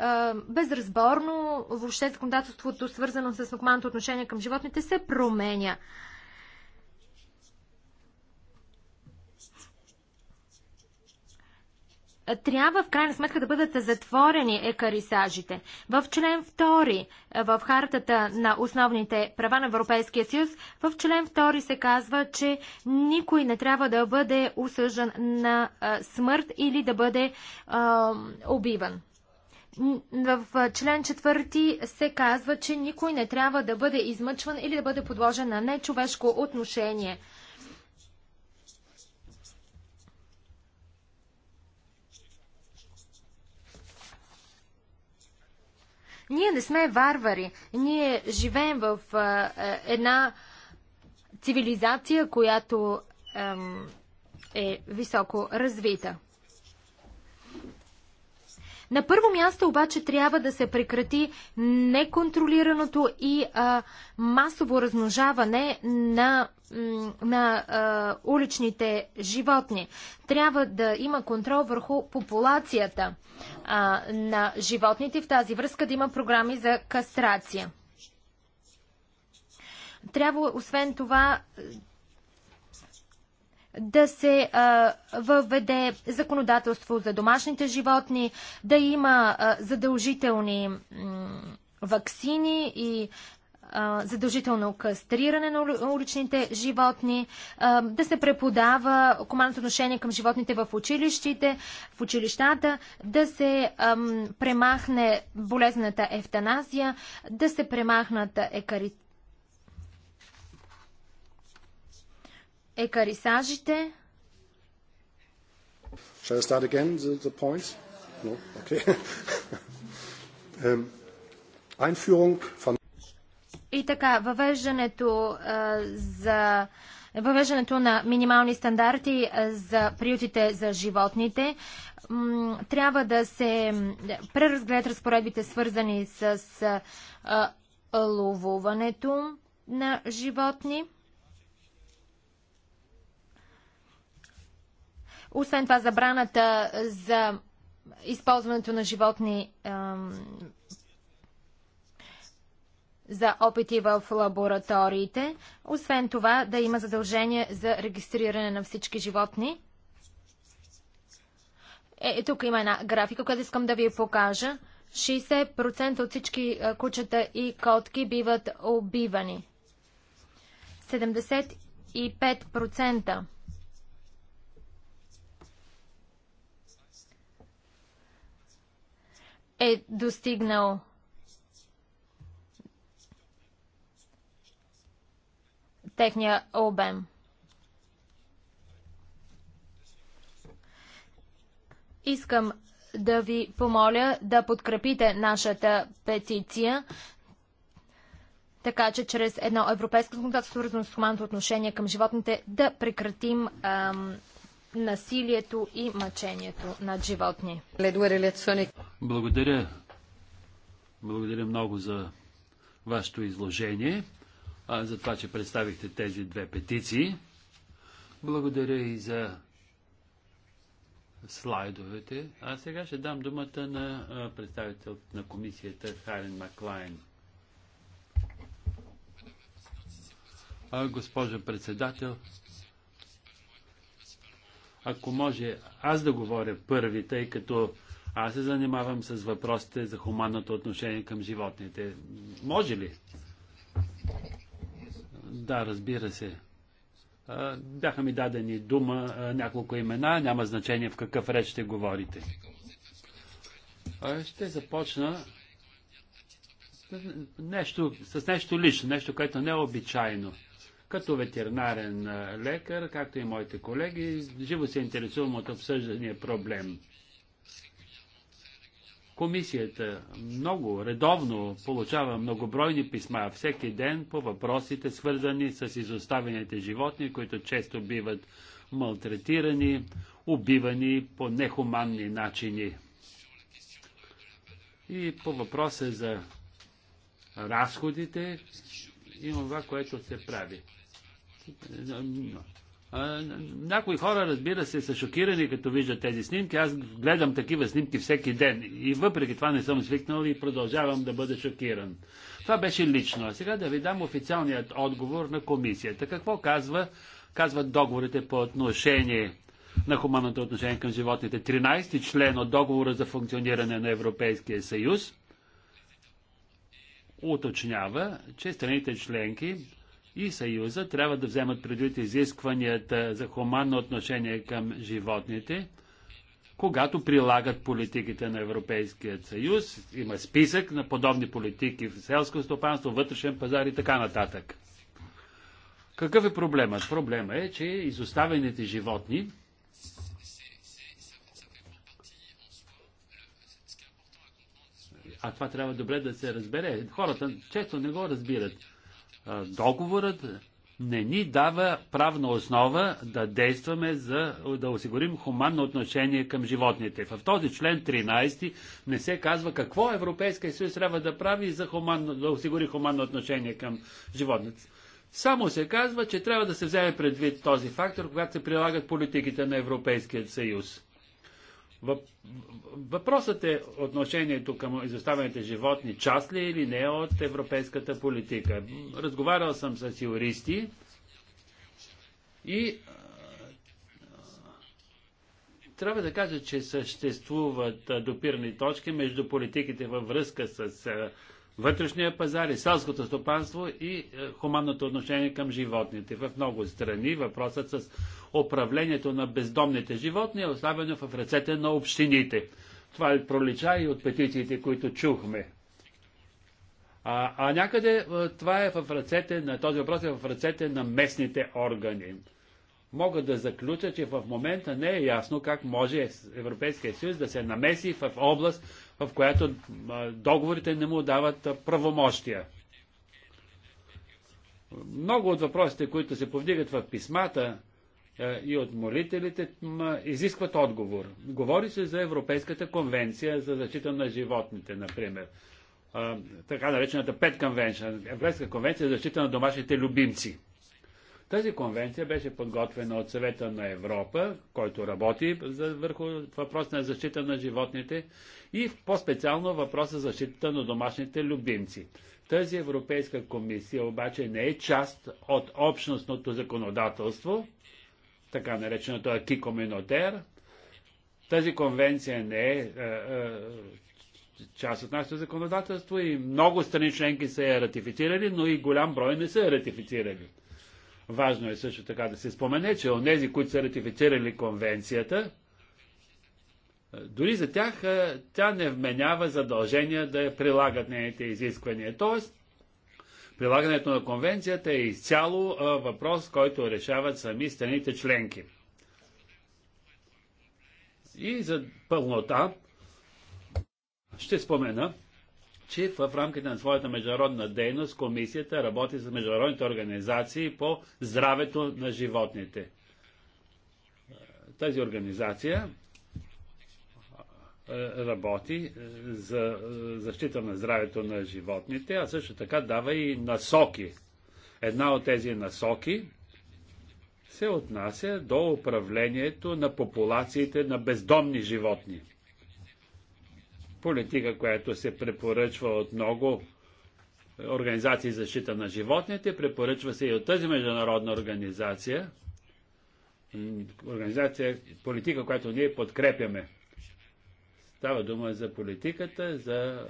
безразборно въобще законодателството, свързано с нормалното отношение към животните, се променя. трябва в крайна сметка да бъдат затворени екарисажите. В член 2 е, в хартата на основните права на Европейския съюз, в член 2 се казва, че никой не трябва да бъде осъждан на а, е, смърт или да бъде а, е, убиван. В член 4 се казва, че никой не трябва да бъде измъчван или да бъде подложен на нечовешко отношение. Ние не сме варвари. Ние живеем в а, е, една цивилизация, която ам, е високо развита. На първо място обаче трябва да се прекрати неконтролираното и а, масово размножаване на, на а, уличните животни. Трябва да има контрол върху популацията а, на животните. В тази връзка да има програми за кастрация. Трябва, освен това, да се а, въведе законодателство за домашните животни, да има а, задължителни вакцини и а, задължително кастриране на уличните животни, а, да се преподава командното отношение към животните в училищите, в училищата, да се премахне болезната ефтаназия, да се премахнат екари... екарисажите.
Shall I start again the, the points? No? Okay. Um, einführung von...
И така, въвеждането за въвеждането на минимални стандарти за приютите за животните. Трябва да се преразгледат разпоредбите, свързани с ловуването на животни. Освен това, забраната за използването на животни за опити в лабораториите. Освен това, да има задължение за регистриране на всички животни. Е, е тук има една графика, която искам да ви покажа. 60% от всички кучета и котки биват убивани. 75% е достигнал техния обем. Искам да ви помоля да подкрепите нашата петиция, така че чрез едно европейско законодателство, свързано с хуманното отношение към животните, да прекратим ам, насилието и мъчението над животни.
Благодаря. Благодаря много за вашето изложение, а, за това, че представихте тези две петиции. Благодаря и за слайдовете. А сега ще дам думата на представител на комисията Харен Маклайн. А, госпожа председател, ако може аз да говоря първи, тъй като аз се занимавам с въпросите за хуманното отношение към животните. Може ли? Да, разбира се. Бяха ми дадени дума, няколко имена, няма значение в какъв реч ще говорите. Ще започна нещо, с нещо лично, нещо, което не е обичайно. Като ветеринарен лекар, както и моите колеги, живо се интересувам от обсъждания проблем. Комисията много редовно получава многобройни писма всеки ден по въпросите, свързани с изоставените животни, които често биват малтретирани, убивани по нехуманни начини. И по въпроса за разходите и това, което се прави. Е, някои хора, разбира се, са шокирани, като виждат тези снимки. Аз гледам такива снимки всеки ден. И въпреки това не съм свикнал и продължавам да бъда шокиран. Това беше лично. А сега да ви дам официалният отговор на комисията. Какво казва? Казват договорите по отношение на хуманното отношение към животните. 13 член от договора за функциониране на Европейския съюз уточнява, че страните членки и Съюза трябва да вземат предвид изискванията за хуманно отношение към животните, когато прилагат политиките на Европейския съюз. Има списък на подобни политики в селско стопанство, вътрешен пазар и така нататък. Какъв е проблемът? Проблема е, че изоставените животни а това трябва добре да се разбере. Хората често не го разбират договорът не ни дава правна основа да действаме за да осигурим хуманно отношение към животните. В този член 13 не се казва какво Европейския съюз трябва да прави за хуманно, да осигури хуманно отношение към животните. Само се казва, че трябва да се вземе предвид този фактор, когато се прилагат политиките на Европейския съюз. Въпросът е отношението към изоставените животни част ли е или не е от европейската политика. Разговарял съм с юристи и трябва да кажа, че съществуват допирни точки между политиките във връзка с вътрешния пазар и селското стопанство и е, хуманното отношение към животните. В много страни въпросът с управлението на бездомните животни е оставено в ръцете на общините. Това е пролича и от петициите, които чухме. А, а някъде е, това е в ръцете на този въпрос е в ръцете на местните органи. Мога да заключа, че в момента не е ясно как може Европейския съюз да се намеси в област, в която договорите не му дават правомощия. Много от въпросите, които се повдигат в писмата и от молителите, изискват отговор. Говори се за Европейската конвенция за защита на животните, например. Така наречената Пет конвенция, Европейска конвенция за защита на домашните любимци. Тази конвенция беше подготвена от съвета на Европа, който работи за, върху въпроса на защита на животните и по-специално въпроса за защита на домашните любимци. Тази Европейска комисия обаче не е част от общностното законодателство, така нареченото Акикоменотер. Тази конвенция не е, е, е част от нашето законодателство и много страни членки са я ратифицирали, но и голям брой не са я ратифицирали. Важно е също така да се спомене, че онези, които са ратифицирали конвенцията, дори за тях тя не вменява задължения да я прилагат нейните изисквания. Тоест, прилагането на конвенцията е изцяло въпрос, който решават сами страните членки. И за пълнота ще спомена, че в рамките на своята международна дейност комисията работи с международните организации по здравето на животните. Тази организация работи за защита на здравето на животните, а също така дава и насоки. Една от тези насоки се отнася до управлението на популациите на бездомни животни – политика, която се препоръчва от много организации за защита на животните, препоръчва се и от тази международна организация, организация, политика, която ние подкрепяме. Става дума за политиката, за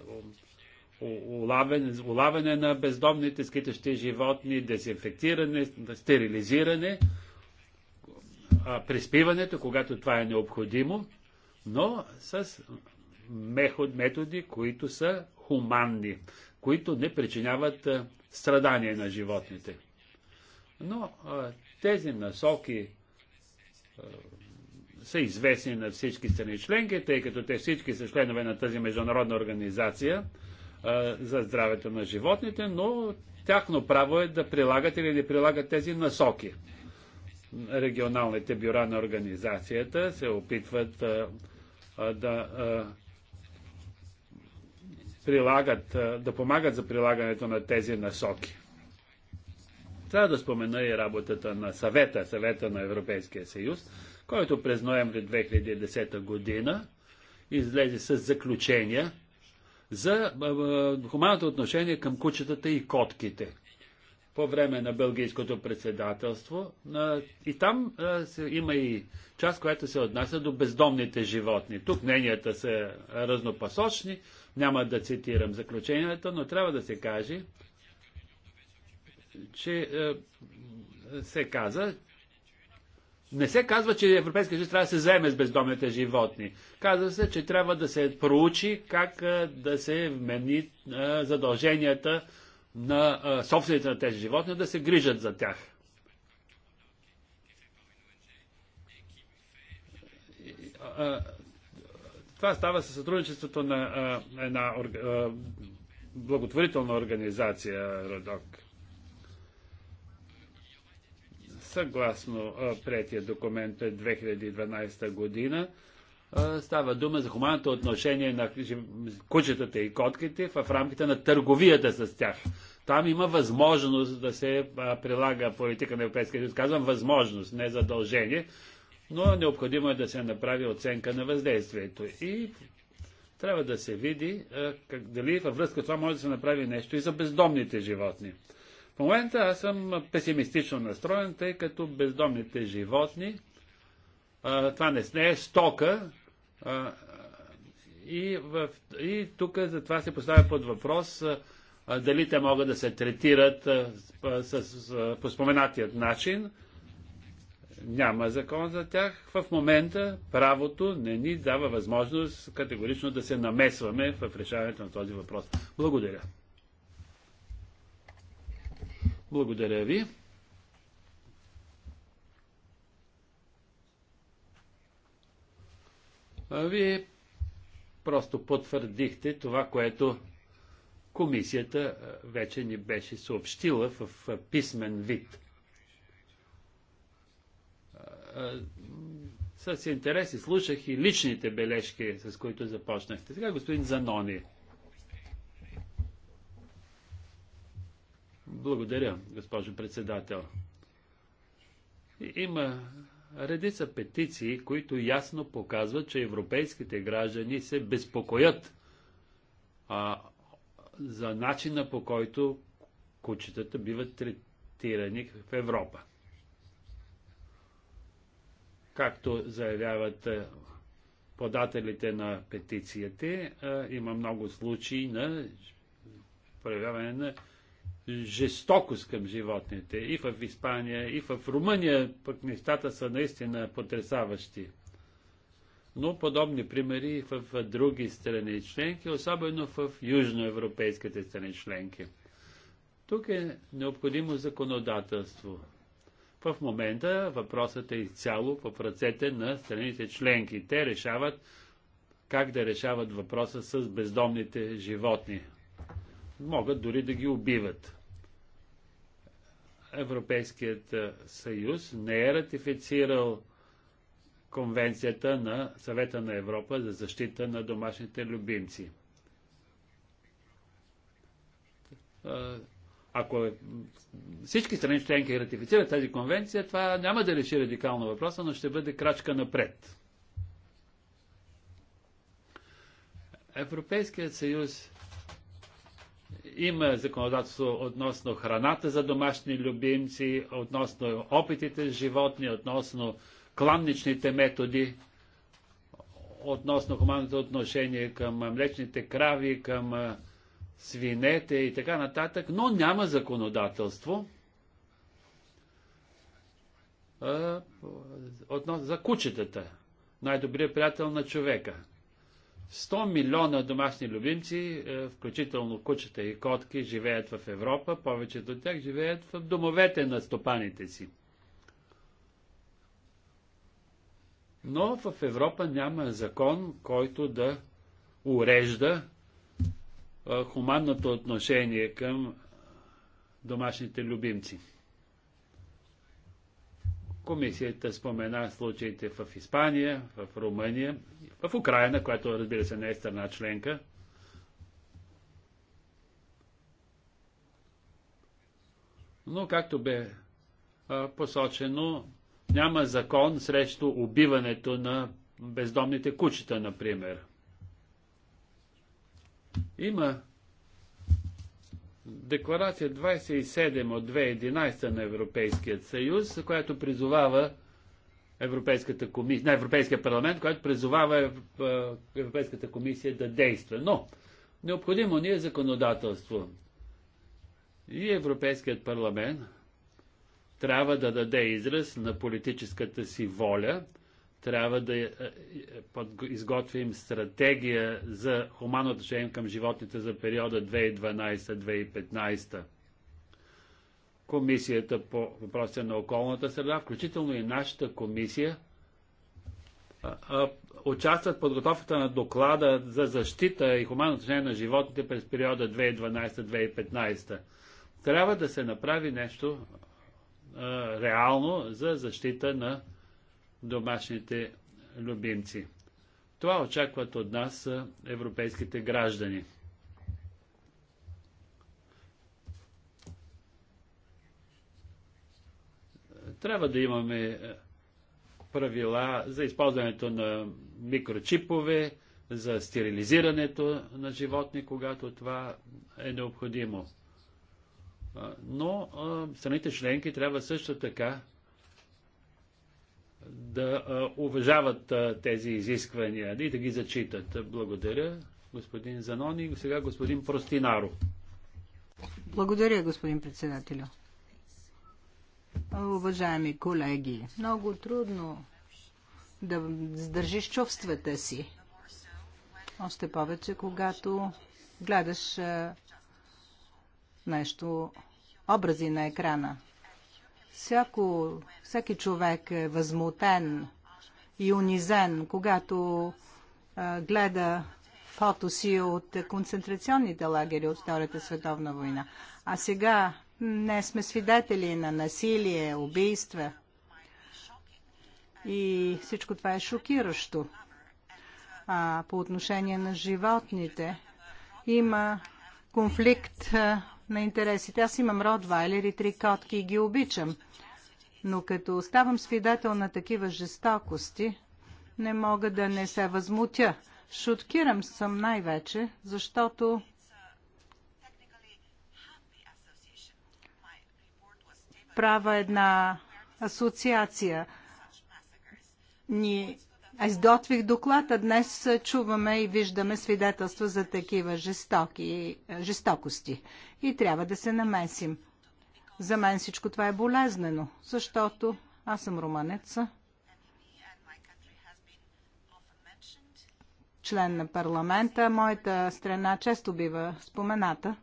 улавяне, улавяне на бездомните скитащи животни, дезинфектиране, стерилизиране, приспиването, когато това е необходимо, но с методи, които са хуманни, които не причиняват страдания на животните. Но тези насоки са известни на всички страни членки, тъй като те всички са членове на тази международна организация за здравето на животните, но тяхно право е да прилагат или не прилагат тези насоки. Регионалните бюра на организацията се опитват да прилагат, да помагат за прилагането на тези насоки. Трябва да спомена и работата на съвета, съвета на Европейския съюз, който през ноември 2010 година излезе с заключения за хуманното отношение към кучетата и котките по време на бългийското председателство. И там има и част, която се отнася до бездомните животни. Тук мненията са разнопосочни, няма да цитирам заключението, но трябва да се каже, че е, се каза, не се казва, че Европейския съюз трябва да се заеме с бездомните животни. Казва се, че трябва да се проучи как е, да се вмени е, задълженията на собствените на тези животни, да се грижат за тях. Това става със сътрудничеството на една благотворителна организация Родок. Съгласно третия документ пред 2012 година, става дума за хуманното отношение на кучетата и котките в рамките на търговията с тях. Там има възможност да се прилага политика на Европейския съюз. Казвам възможност, не задължение, но необходимо е да се направи оценка на въздействието. И трябва да се види а, как, дали във връзка с това може да се направи нещо и за бездомните животни. В момента аз съм песимистично настроен, тъй като бездомните животни, а, това не, е стока, а, и, в, и тук затова се поставя под въпрос а, дали те могат да се третират а, с, а, по споменатият начин, няма закон за тях. В момента правото не ни дава възможност категорично да се намесваме в решаването на този въпрос. Благодаря. Благодаря ви. А вие просто потвърдихте това, което комисията вече ни беше съобщила в писмен вид с интерес и слушах и личните бележки, с които започнахте. Сега господин Занони. Благодаря, госпожо председател. Има редица петиции, които ясно показват, че европейските граждани се безпокоят а, за начина по който кучетата биват третирани в Европа. Както заявяват е, подателите на петициите, е, има много случаи на проявяване на жестокост към животните. И в Испания, и в Румъния пък нещата са наистина потрясаващи. Но подобни примери и в други страни членки, особено в южноевропейските страни членки. Тук е необходимо законодателство. В момента въпросът е изцяло в ръцете на страните членки. Те решават как да решават въпроса с бездомните животни. Могат дори да ги убиват. Европейският е, съюз не е ратифицирал Конвенцията на Съвета на Европа за защита на домашните любимци е, ако всички страни членки ратифицират тази конвенция, това няма да реши радикално въпроса, но ще бъде крачка напред. Европейският съюз има законодателство относно храната за домашни любимци, относно опитите с животни, относно кланничните методи, относно хуманното отношение към млечните крави, към свинете и така нататък, но няма законодателство за кучетата, най-добрият приятел на човека. 100 милиона домашни любимци, е, включително кучета и котки, живеят в Европа. Повечето от тях живеят в домовете на стопаните си. Но в Европа няма закон, който да урежда хуманното отношение към домашните любимци. Комисията спомена случаите в Испания, в Румъния, в Украина, която разбира се не е страна членка. Но както бе посочено, няма закон срещу убиването на бездомните кучета, например. Има декларация 27 от 2011 на Европейският съюз, която призовава Европейската комисия, на Европейския парламент, която призовава е, Европейската комисия да действа. Но необходимо ни е законодателство. И Европейският парламент трябва да даде израз на политическата си воля трябва да е, е, изготвим стратегия за хуманно отношение към животните за периода 2012-2015. Комисията по въпросите на околната среда, включително и нашата комисия, участват в подготовката на доклада за защита и хуманно отношение на животните през периода 2012-2015. Трябва да се направи нещо реално за защита на домашните любимци. Това очакват от нас европейските граждани. Трябва да имаме правила за използването на микрочипове, за стерилизирането на животни, когато това е необходимо. Но страните членки трябва също така да уважават тези изисквания и да ги зачитат. Благодаря, господин Занони и сега господин Простинаро.
Благодаря, господин председател. Уважаеми колеги, много трудно да сдържиш чувствата си. Още повече, когато гледаш нещо, образи на екрана. Всяко, всеки човек е възмутен и унизен, когато а, гледа фото си от концентрационните лагери от Втората световна война. А сега не сме свидетели на насилие, убийства. И всичко това е шокиращо. А по отношение на животните има конфликт на интересите. Аз имам вайлер и три котки и ги обичам. Но като ставам свидетел на такива жестокости, не мога да не се възмутя. Шуткирам съм най-вече, защото права една асоциация. Ние изготвих доклад, а днес чуваме и виждаме свидетелства за такива жестоки, жестокости. И трябва да се намесим. За мен всичко това е болезнено, защото аз съм румънец, член на парламента. Моята страна често бива спомената.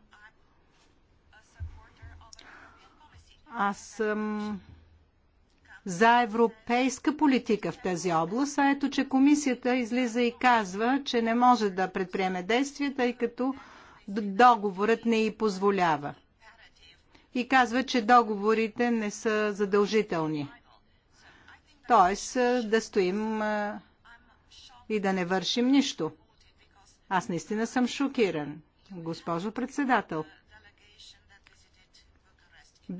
Аз съм за европейска политика в тази област, а ето, че комисията излиза и казва, че не може да предприеме действия, тъй като договорът не й позволява. И казва, че договорите не са задължителни. Тоест да стоим и да не вършим нищо. Аз наистина съм шокиран, госпожо председател.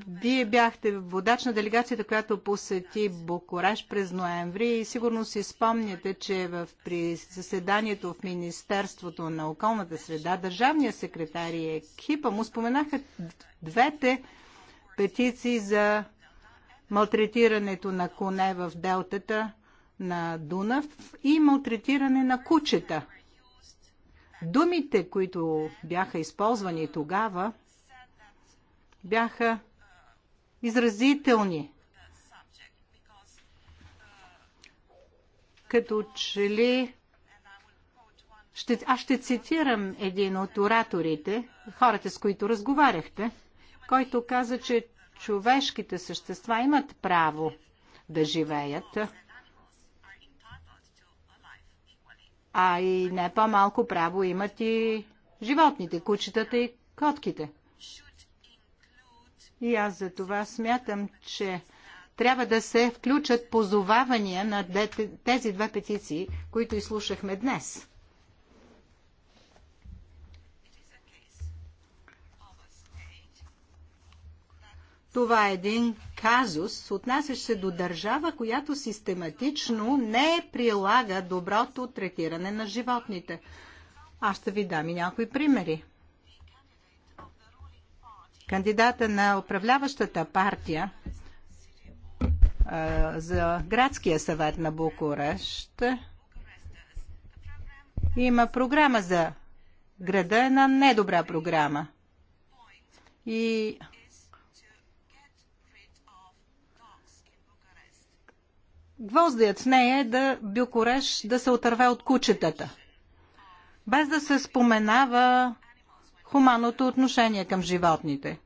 Вие бяхте водач на делегацията, която посети Букураж през ноември и сигурно си спомняте, че в при заседанието в Министерството на околната среда държавния секретар и екипа му споменаха двете петиции за малтретирането на коне в делтата на Дунав и малтретиране на кучета. Думите, които бяха използвани тогава, бяха изразителни. Като че ли ще, аз ще цитирам един от ораторите, хората с които разговаряхте, който каза, че човешките същества имат право да живеят, а и не по-малко право имат и животните, кучетата и котките. И аз за това смятам, че трябва да се включат позовавания на тези две петиции, които изслушахме днес. Това е един казус, отнасящ се до държава, която систематично не прилага доброто третиране на животните. Аз ще ви дам и някои примери кандидата на управляващата партия за градския съвет на Букурещ има програма за града, една недобра програма. И гвоздият в нея е да Букурещ да се отърве от кучетата. Без да се споменава хуманното отношение към животните.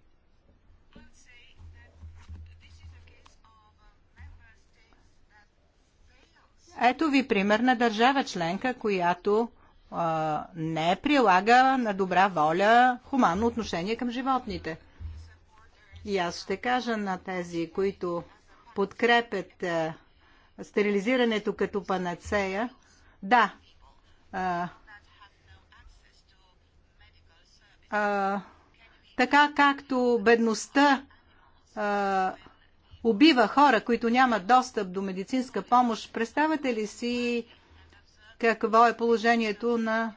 Ето ви пример на държава членка, която а, не прилага на добра воля хуманно отношение към животните. И аз ще кажа на тези, които подкрепят а, стерилизирането като панацея, да, а, а, така както бедността а, убива хора, които нямат достъп до медицинска помощ. Представете ли си какво е положението на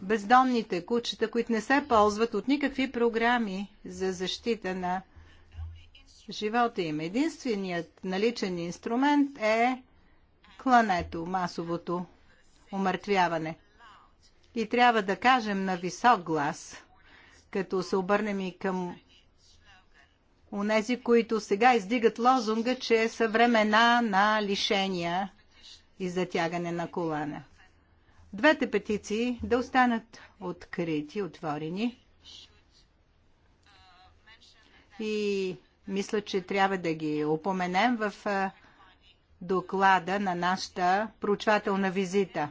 бездомните кучета, които не се ползват от никакви програми за защита на живота им. Единственият наличен инструмент е клането, масовото умъртвяване. И трябва да кажем на висок глас, като се обърнем и към онези, които сега издигат лозунга, че са времена на лишения и затягане на колана. Двете петиции да останат открити, отворени. И мисля, че трябва да ги упоменем в доклада на нашата проучвателна визита.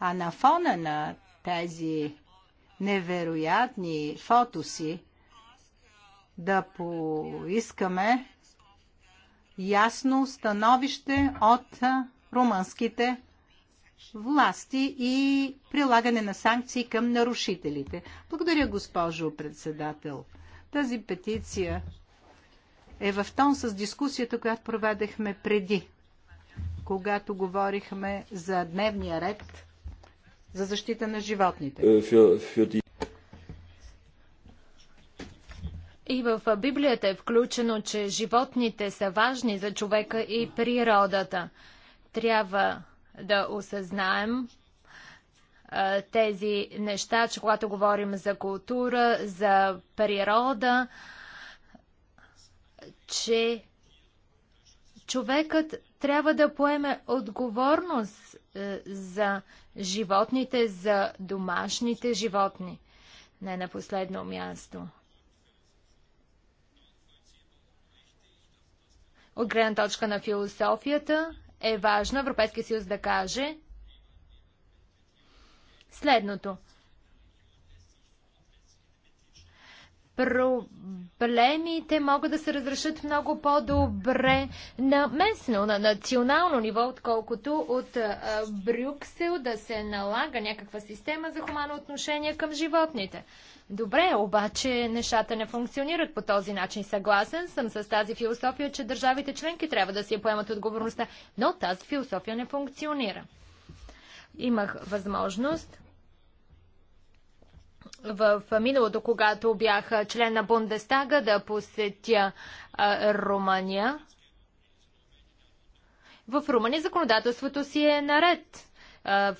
А на фона на тези невероятни фотоси, да поискаме ясно становище от румънските власти и прилагане на санкции към нарушителите. Благодаря, госпожо председател. Тази петиция е в тон с дискусията, която проведехме преди, когато говорихме за дневния ред за защита на животните.
Е, И в Библията е включено, че животните са важни за човека и природата. Трябва да осъзнаем а, тези неща, че когато говорим за култура, за природа, че човекът трябва да поеме отговорност е, за животните, за домашните животни. Не на последно място. от гледна точка на философията е важно Европейския съюз да каже следното – проблемите могат да се разрешат много по-добре на местно, на национално ниво, отколкото от а, Брюксел да се налага някаква система за хумано отношение към животните. Добре, обаче нещата не функционират по този начин. Съгласен съм с тази философия, че държавите членки трябва да си я поемат отговорността, но тази философия не функционира. Имах възможност в миналото, когато бях член на Бундестага, да посетя Румъния. В Румъния законодателството си е наред.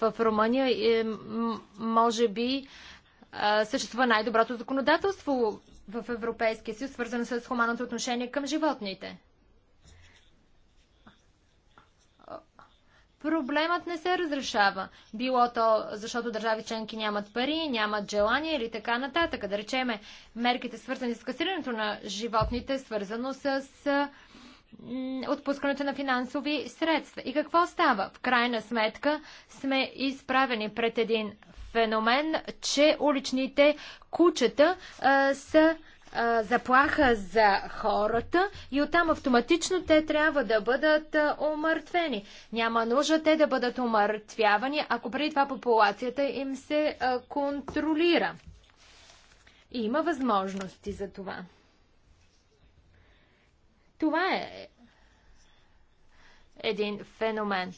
в Румъния е, може би съществува най-доброто законодателство в Европейския съюз, свързано с хуманното отношение към животните. проблемът не се разрешава. Било то защото държави членки нямат пари, нямат желание или така нататък. Да речеме, мерките свързани с касирането на животните, свързано с отпускането на финансови средства. И какво става? В крайна сметка сме изправени пред един феномен, че уличните кучета а, са заплаха за хората и оттам автоматично те трябва да бъдат омъртвени. Няма нужда те да бъдат омъртвявани, ако преди това популацията им се контролира. И има възможности за това. Това е един феномен.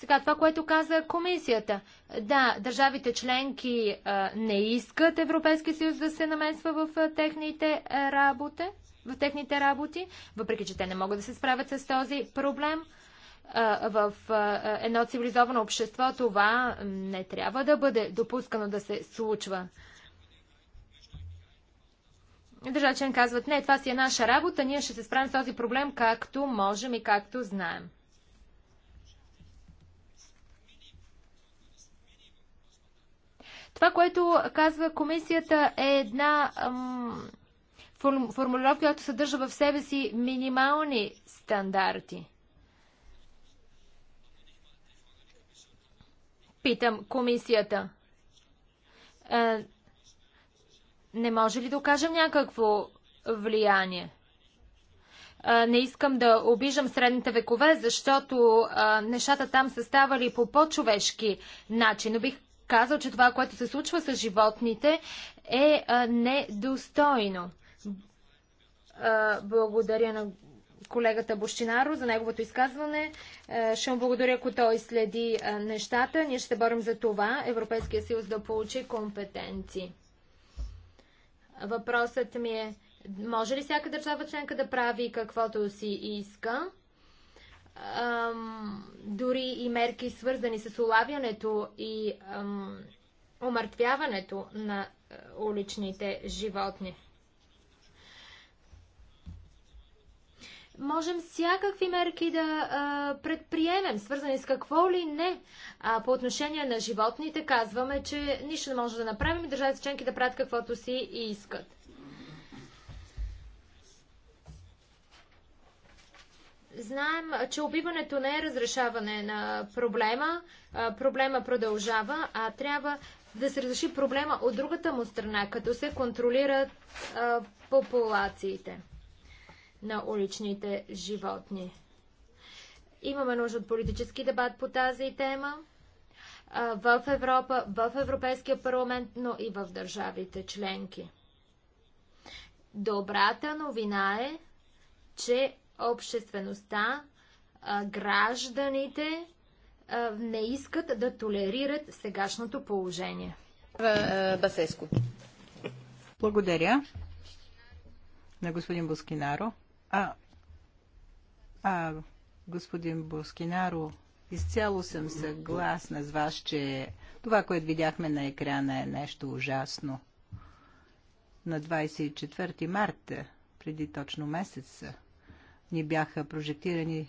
Сега това, което каза комисията. Да, държавите членки а, не искат Европейския съюз да се намесва в а, техните работи, в техните работи, въпреки че те не могат да се справят с този проблем. А, в едно цивилизовано общество това не трябва да бъде допускано да се случва. Държавчен казват, не, това си е наша работа, ние ще се справим с този проблем както можем и както знаем. Това, което казва комисията е една формулировка, която съдържа в себе си минимални стандарти. Питам комисията. Е, не може ли да окажем някакво влияние? Е, не искам да обижам средните векове, защото е, нещата там са ставали по по-човешки начин. Но бих казал, че това, което се случва с животните, е недостойно. благодаря на колегата Бощинаро за неговото изказване. Ще му благодаря, ако той следи нещата. Ние ще борим за това Европейския съюз да получи компетенции. Въпросът ми е, може ли всяка държава членка да прави каквото си иска? ам, дори и мерки свързани с улавянето и ам, умъртвяването на е, уличните животни. можем всякакви мерки да а, предприемем, свързани с какво ли не. А, по отношение на животните казваме, че нищо не може да направим и държавите членки да правят каквото си и искат. Знаем, че убиването не е разрешаване на проблема. Проблема продължава, а трябва да се разреши проблема от другата му страна, като се контролират популациите на уличните животни. Имаме нужда от политически дебат по тази тема в Европа, в Европейския парламент, но и в държавите членки. Добрата новина е, че обществеността, гражданите не искат да толерират сегашното положение. Е, е,
Басеско. Благодаря на господин Боскинаро. А, а господин Боскинаро, изцяло съм съгласна с вас, че това, което видяхме на екрана е нещо ужасно. На 24 марта, преди точно месеца, ни бяха прожектирани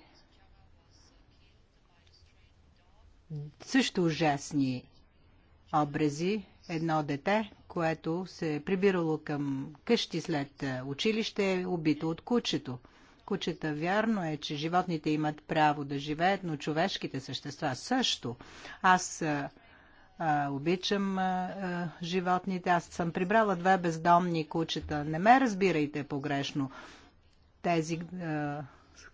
също ужасни образи. Едно дете, което се е прибирало към къщи след е, училище, е убито от кучето. Кучета вярно е, че животните имат право да живеят, но човешките същества също. Аз а, е, е, обичам а, а, животните. Аз съм прибрала две бездомни кучета. Не ме разбирайте погрешно тези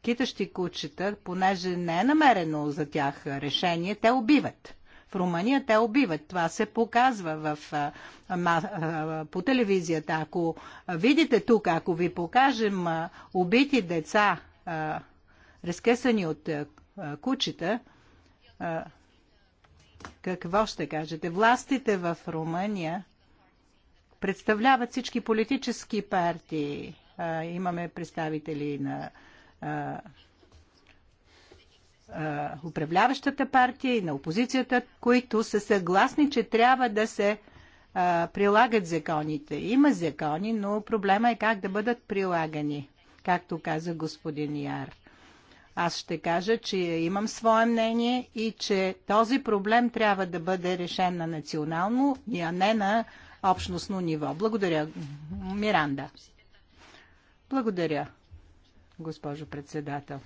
китащи кучета, понеже не е намерено за тях решение, те убиват. В Румъния те убиват. Това се показва в, по телевизията. Ако видите тук, ако ви покажем убити деца, разкъсани от кучета, какво ще кажете? Властите в Румъния представляват всички политически партии Имаме представители на управляващата партия и на опозицията, които са съгласни, че трябва да се прилагат законите. Има закони, но проблема е как да бъдат прилагани, както каза господин Яр. Аз ще кажа, че имам свое мнение и че този проблем трябва да бъде решен на национално, а не на общностно ниво. Благодаря, Миранда. Благодаря, госпожо председател.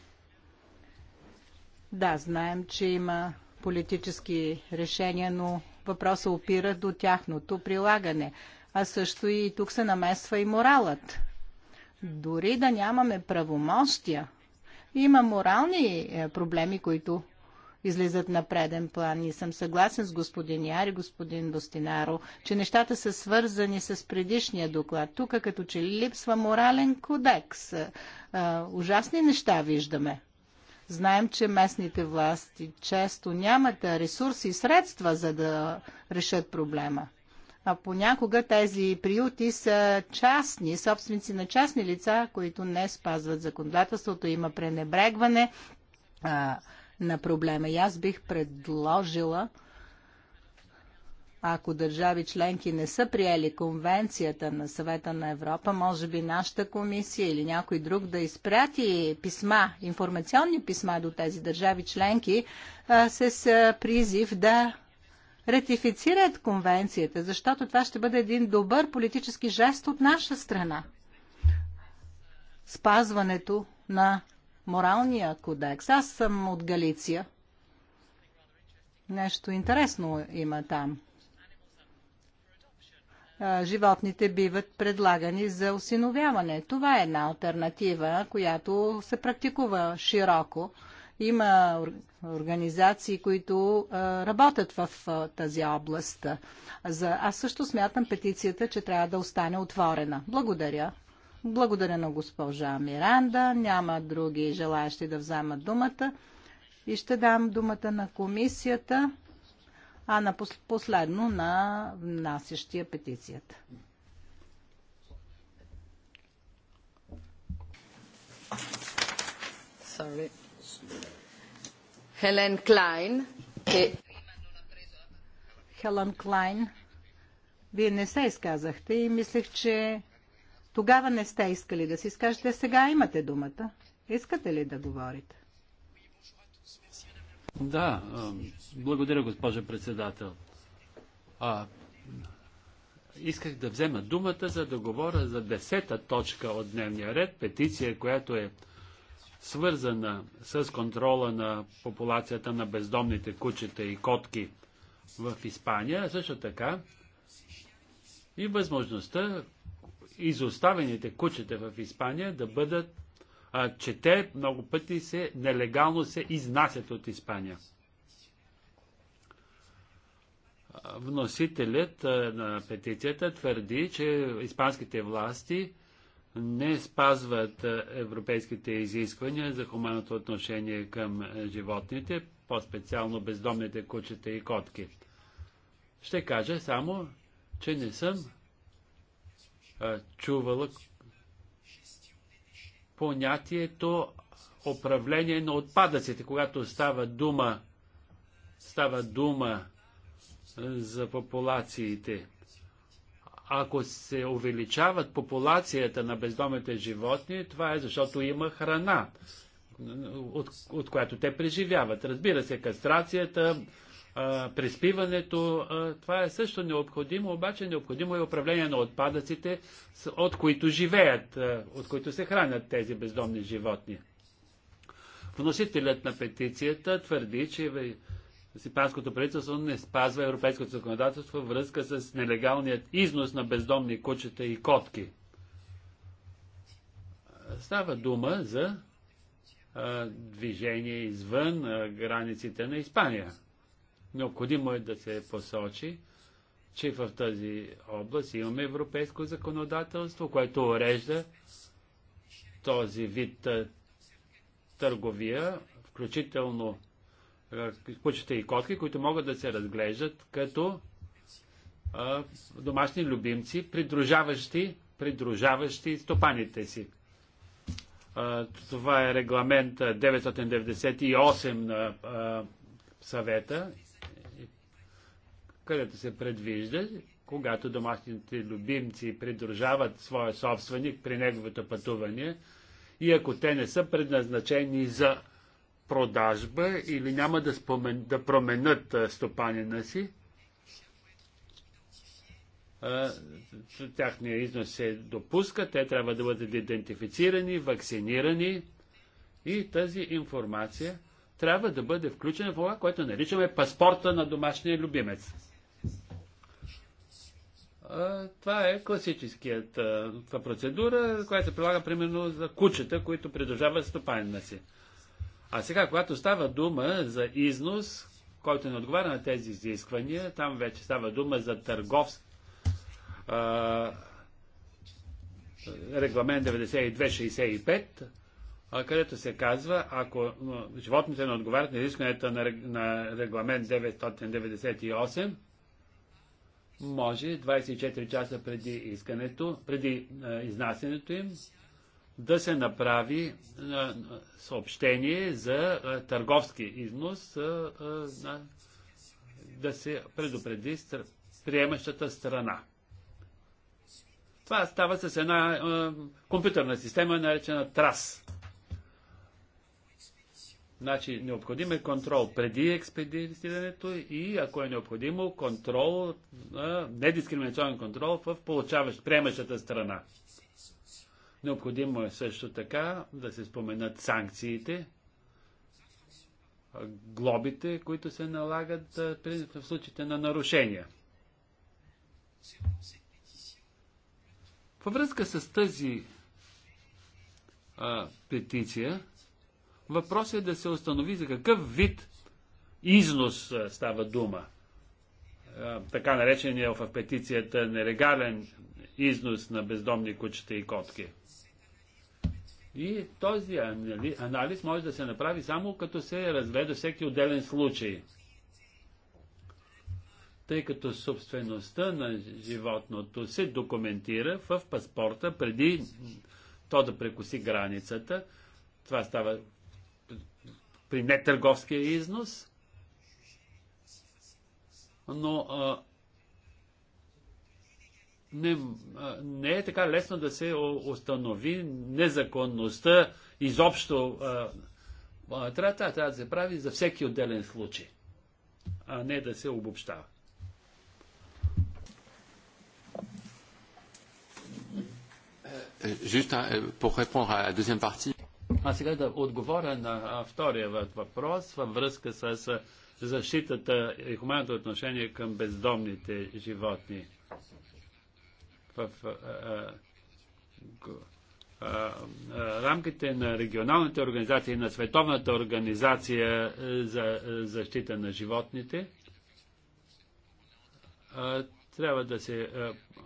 Да, знаем, че има политически решения, но въпроса опира до тяхното прилагане. А също и тук се намесва и моралът. Дори да нямаме правомощия, има морални е, проблеми, които излизат на преден план. И съм съгласен с господин Яр и господин Бостинаро, че нещата са свързани с предишния доклад. Тук като че липсва морален кодекс. А, ужасни неща виждаме. Знаем, че местните власти често нямат ресурси и средства, за да решат проблема. А понякога тези приюти са частни, собственици на частни лица, които не спазват законодателството. Има пренебрегване, а, на проблема. И аз бих предложила, ако държави членки не са приели конвенцията на съвета на Европа, може би нашата комисия или някой друг да изпрати писма, информационни писма до тези държави членки а, с а, призив да ратифицират конвенцията, защото това ще бъде един добър политически жест от наша страна. Спазването на моралния кодекс. Аз съм от Галиция. Нещо интересно има там. Животните биват предлагани за осиновяване. Това е една альтернатива, която се практикува широко. Има организации, които работят в тази област. Аз също смятам петицията, че трябва да остане отворена. Благодаря. Благодаря на госпожа Миранда. Няма други желаящи да вземат думата. И ще дам думата на комисията, а на последно на внасящия петицията. Sorry. Хелен Клайн. Хелен Клайн, вие не се изказахте и мислех, че тогава не сте искали да си скажете. сега имате думата. Искате ли да говорите? Да,
благодаря, госпожа председател. А, исках да взема думата, за да говоря за десета точка от дневния ред, петиция, която е свързана с контрола на популацията на бездомните кучета и котки в Испания, също така и възможността изоставените кучета в Испания да бъдат, а, че те много пъти се нелегално се изнасят от Испания. Вносителят на петицията твърди, че испанските власти не спазват европейските изисквания за хуманното отношение към животните, по-специално бездомните кучета и котки. Ще кажа само, че не съм е, чувала понятието управление на отпадъците, когато става дума, става дума е, за популациите. Ако се увеличават популацията на бездомните животни, това е защото има храна, от, от която те преживяват. Разбира се, кастрацията, приспиването. Това е също необходимо, обаче необходимо е управление на отпадъците, от които живеят, от които се хранят тези бездомни животни. Вносителят на петицията твърди, че Сипанското правителство не спазва европейското законодателство във връзка с нелегалният износ на бездомни кучета и котки. Става дума за движение извън границите на Испания. Необходимо е да се посочи, че в тази област имаме европейско законодателство, което урежда този вид търговия, включително кучета и котки, които могат да се разглеждат като а, домашни любимци, придружаващи, придружаващи стопаните си. А, това е регламент 998 на а, съвета където се предвижда, когато домашните любимци придружават своя собственик при неговото пътуване и ако те не са предназначени за продажба или няма да, спомен, да променят стопанина си, тяхния износ се допуска, те трябва да бъдат идентифицирани, вакцинирани и тази информация трябва да бъде включена в това, което наричаме паспорта на домашния любимец това е класическият това процедура, която се прилага примерно за кучета, които придържават стопанина си. А сега, когато става дума за износ, който не отговаря на тези изисквания, там вече става дума за търговски регламент 9265, където се казва, ако животните не отговарят на изискванията на регламент 998, може 24 часа преди искането, преди а, изнасянето им, да се направи а, съобщение за а, търговски износ, а, а, да се предупреди стр... приемащата страна. Това става с една а, компютърна система, наречена ТРАС. Значи, необходим е контрол преди експедирането и, ако е необходимо, контрол, недискриминационен контрол в получаващ, приемащата страна. Необходимо е също така да се споменат санкциите, глобите, които се налагат в случаите на нарушения. Във връзка с тази а, петиция, Въпросът е да се установи за какъв вид износ е, става дума. Е, така наречения в петицията нелегален износ на бездомни кучета и котки. И този анализ може да се направи само като се разгледа всеки отделен случай. Тъй като собствеността на животното се документира в паспорта преди то да прекуси границата, това става при нетърговския износ, но а, не, а, не е така лесно да се установи незаконността изобщо. А, трябва, трябва, трябва да се прави за всеки отделен случай, а не да се обобщава. Е, е, juste е, pour répondre à la deuxième partie. А сега да отговоря на втория въпрос във връзка с защитата и хуманното отношение към бездомните животни. В а, а, а, рамките на регионалните организации, на Световната организация за защита на животните, трябва да се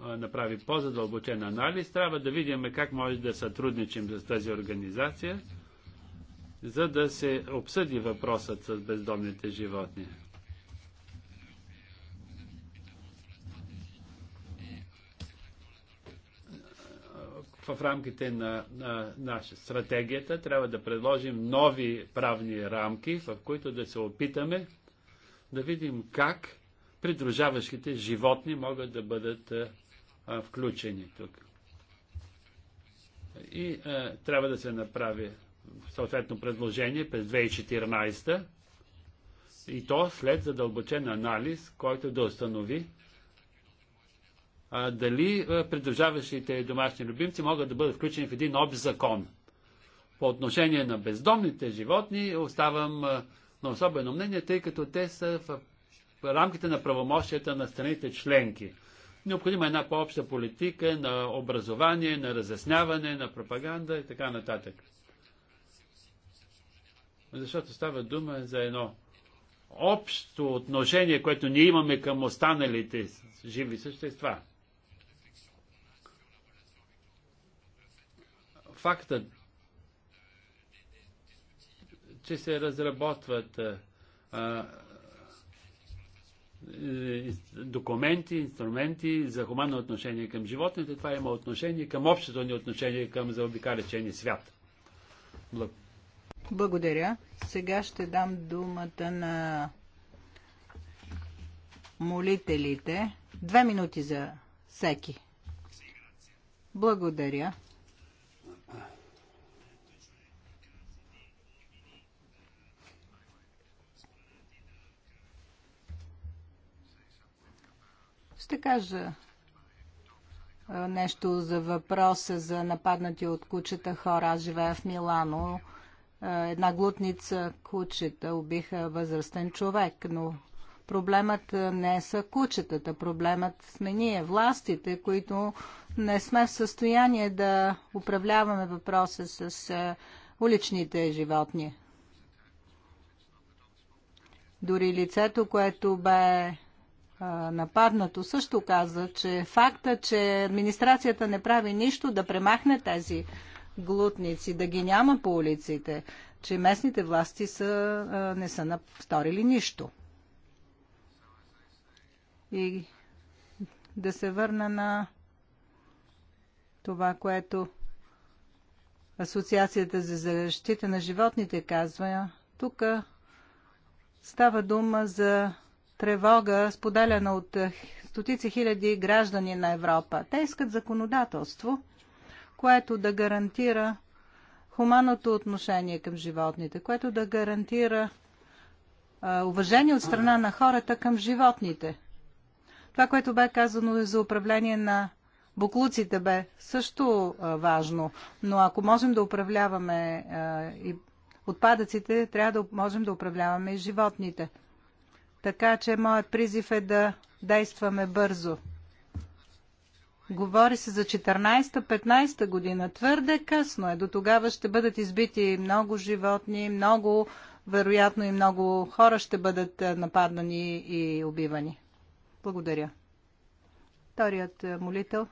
направи по-задълбочен анализ, трябва да видим как може да сътрудничим с тази организация, за да се обсъди въпросът с бездомните животни. в рамките на, на наша стратегията трябва да предложим нови правни рамки, в които да се опитаме да видим как придружаващите животни могат да бъдат включени тук. И а, трябва да се направи съответно предложение през 2014 и то след задълбочен анализ, който да установи а, дали придружаващите домашни любимци могат да бъдат включени в един общ закон. По отношение на бездомните животни оставам на особено мнение, тъй като те са в рамките на правомощията на страните членки. Необходима е една по-обща политика на образование, на разясняване, на пропаганда и така нататък. Защото става дума за едно общо отношение, което ние имаме към останалите живи същества. Фактът, че се разработват а, е, документи, инструменти за хуманно отношение към животните. Това има отношение към общото ни отношение към заобикалечени свят. Благ...
Благодаря. Сега ще дам думата на молителите. Две минути за всеки. Благодаря. Ще кажа нещо за въпроса за нападнати от кучета хора. Аз живея в Милано. Една глутница кучета убиха възрастен човек, но проблемът не са кучетата, проблемът сме ние, властите, които не сме в състояние да управляваме въпроса с уличните животни. Дори лицето, което бе нападнато, също каза, че факта, че администрацията не прави нищо да премахне тези глутници, да ги няма по улиците, че местните власти са, не са сторили нищо. И да се върна на това, което Асоциацията за защита на животните казва. Тук става дума за тревога, споделена от е, стотици хиляди граждани на Европа. Те искат законодателство, което да гарантира хуманното отношение към животните, което да гарантира е, уважение от страна на хората към животните. Това, което бе казано е за управление на буклуците бе също важно, но ако можем да управляваме и отпадъците, трябва да можем да управляваме и животните – така че моят призив е да действаме бързо. Говори се за 14-15 година. Твърде късно е. До тогава ще бъдат избити много животни, много, вероятно и много хора ще бъдат е, нападнани и убивани. Благодаря. Вторият е,
молител.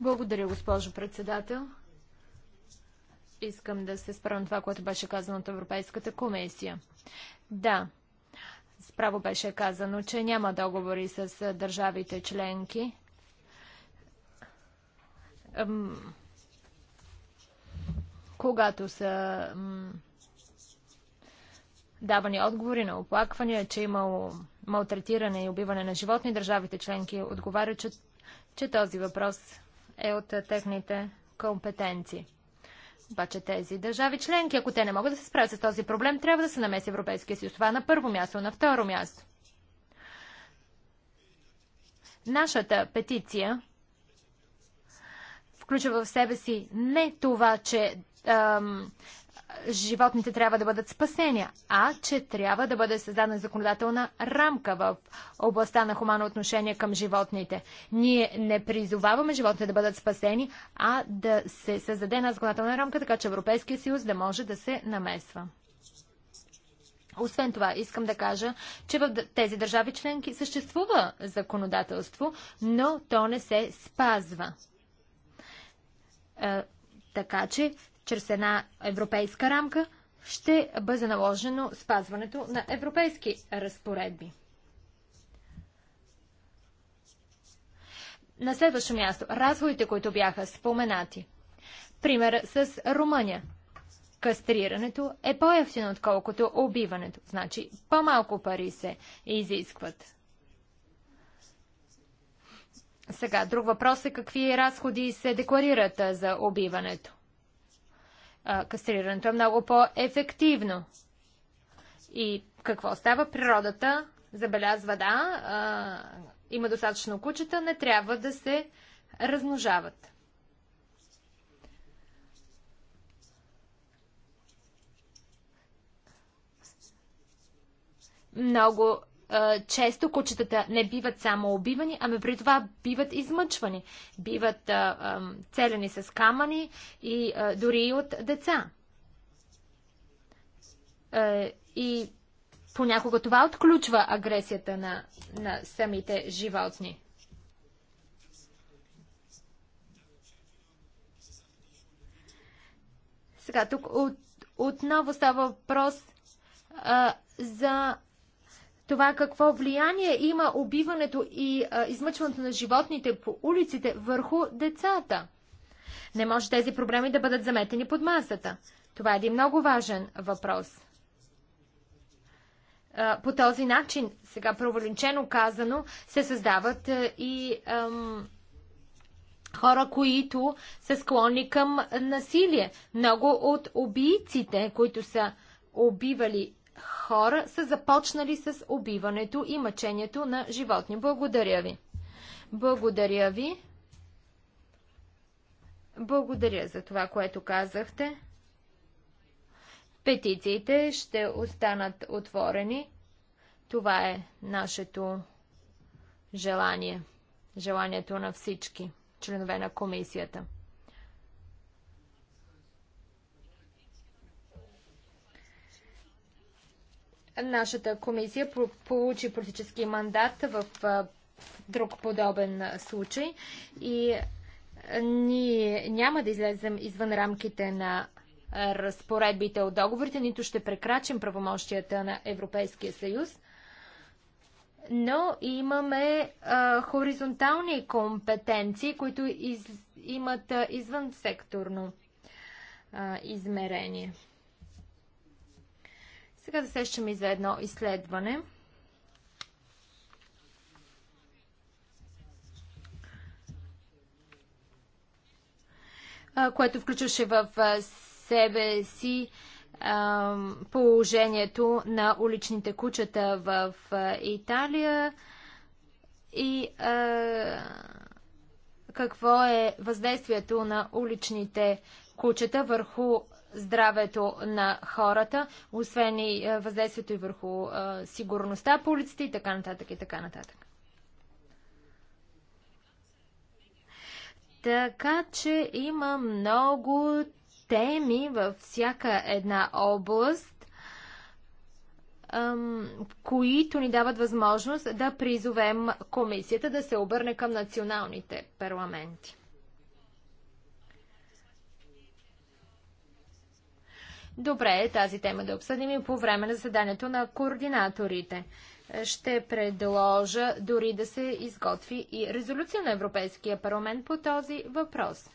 Благодаря, госпожо председател. Искам да се спра на това, което беше казано от Европейската комисия. Да, Право беше казано, че няма договори с държавите членки. Когато са давани отговори на оплаквания, че има е имало малтретиране и убиване на животни, държавите членки отговарят, че, че този въпрос е от техните компетенции. Обаче тези държави членки, ако те не могат да се справят с този проблем, трябва да се намеси Европейския съюз. Това е на първо място, на второ място. Нашата петиция включва в себе си не това, че ам, животните трябва да бъдат спасени, а че трябва да бъде създадена законодателна рамка в областта на хумано отношение към животните. Ние не призоваваме животните да бъдат спасени, а да се създаде една законодателна рамка, така че Европейския съюз да може да се намесва. Освен това, искам да кажа, че в тези държави членки съществува законодателство, но то не се спазва. Е, така че чрез една европейска рамка, ще бъде наложено спазването на европейски разпоредби. На следващо място, разходите, които бяха споменати. Пример с Румъния. Кастрирането е по-ефтино, отколкото убиването. Значи, по-малко пари се изискват. Сега, друг въпрос е какви разходи се декларират за убиването а, кастрирането е много по-ефективно. И какво става? Природата забелязва, да, а, има достатъчно кучета, не трябва да се размножават. Много често кучетата не биват само убивани, ами при това биват измъчвани, биват а, а, целени с камъни и а, дори и от деца. А, и понякога това отключва агресията на, на самите животни. Сега тук от, отново става въпрос а, за това какво влияние има убиването и а, измъчването на животните по улиците върху децата. Не може тези проблеми да бъдат заметени под масата. Това е един много важен въпрос. А, по този начин, сега провалинчено казано, се създават а, и ам, хора, които са склонни към насилие. Много от убийците, които са убивали хора са започнали с убиването и мъчението на животни. Благодаря ви. Благодаря ви. Благодаря за това, което казахте. Петициите ще останат отворени. Това е нашето желание. Желанието на всички членове на комисията. Нашата комисия получи политически мандат в друг подобен случай и ние няма да излезем извън рамките на разпоредбите от договорите, нито ще прекрачим правомощията на Европейския съюз. Но имаме а, хоризонтални компетенции, които из, имат а, извън секторно а, измерение. Сега да сещаме и за едно изследване. което включваше в себе си положението на уличните кучета в Италия и какво е въздействието на уличните кучета върху здравето на хората, освен и е, въздействието и върху е, сигурността по улиците и така нататък и така нататък. Така че има много теми във всяка една област, които ни дават възможност да призовем комисията да се обърне към националните парламенти. Добре е тази тема да обсъдим и по време на заседанието на координаторите. Е, ще предложа дори да се изготви и резолюция на Европейския парламент по този въпрос,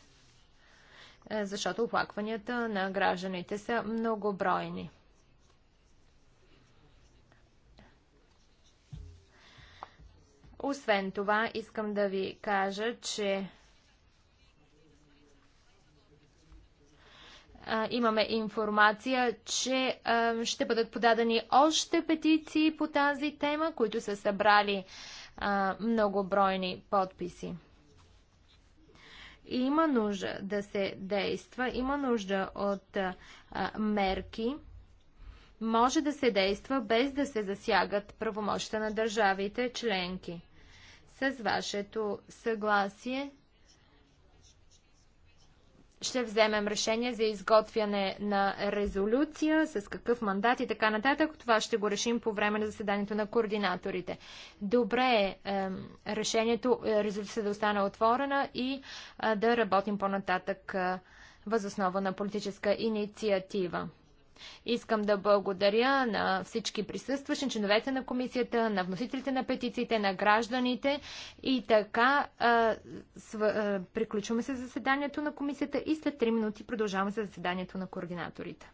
е, защото оплакванията на гражданите са многобройни. Освен това, искам да ви кажа, че имаме информация, че ще бъдат подадени още петиции по тази тема, които са събрали многобройни подписи. И има нужда да се действа, има нужда от а, мерки. Може да се действа без да се засягат правомощта на държавите членки. С вашето съгласие ще вземем решение за изготвяне на резолюция, с какъв мандат и така нататък. Това ще го решим по време на заседанието на координаторите. Добре е, решението, е, резолюцията да остане отворена и е, да работим по-нататък е, възоснова на политическа инициатива. Искам да благодаря на всички присъстващи, членовете на комисията, на вносителите на петициите, на гражданите. И така а, св... а, приключваме се заседанието на комисията и след 3 минути продължаваме се заседанието на координаторите.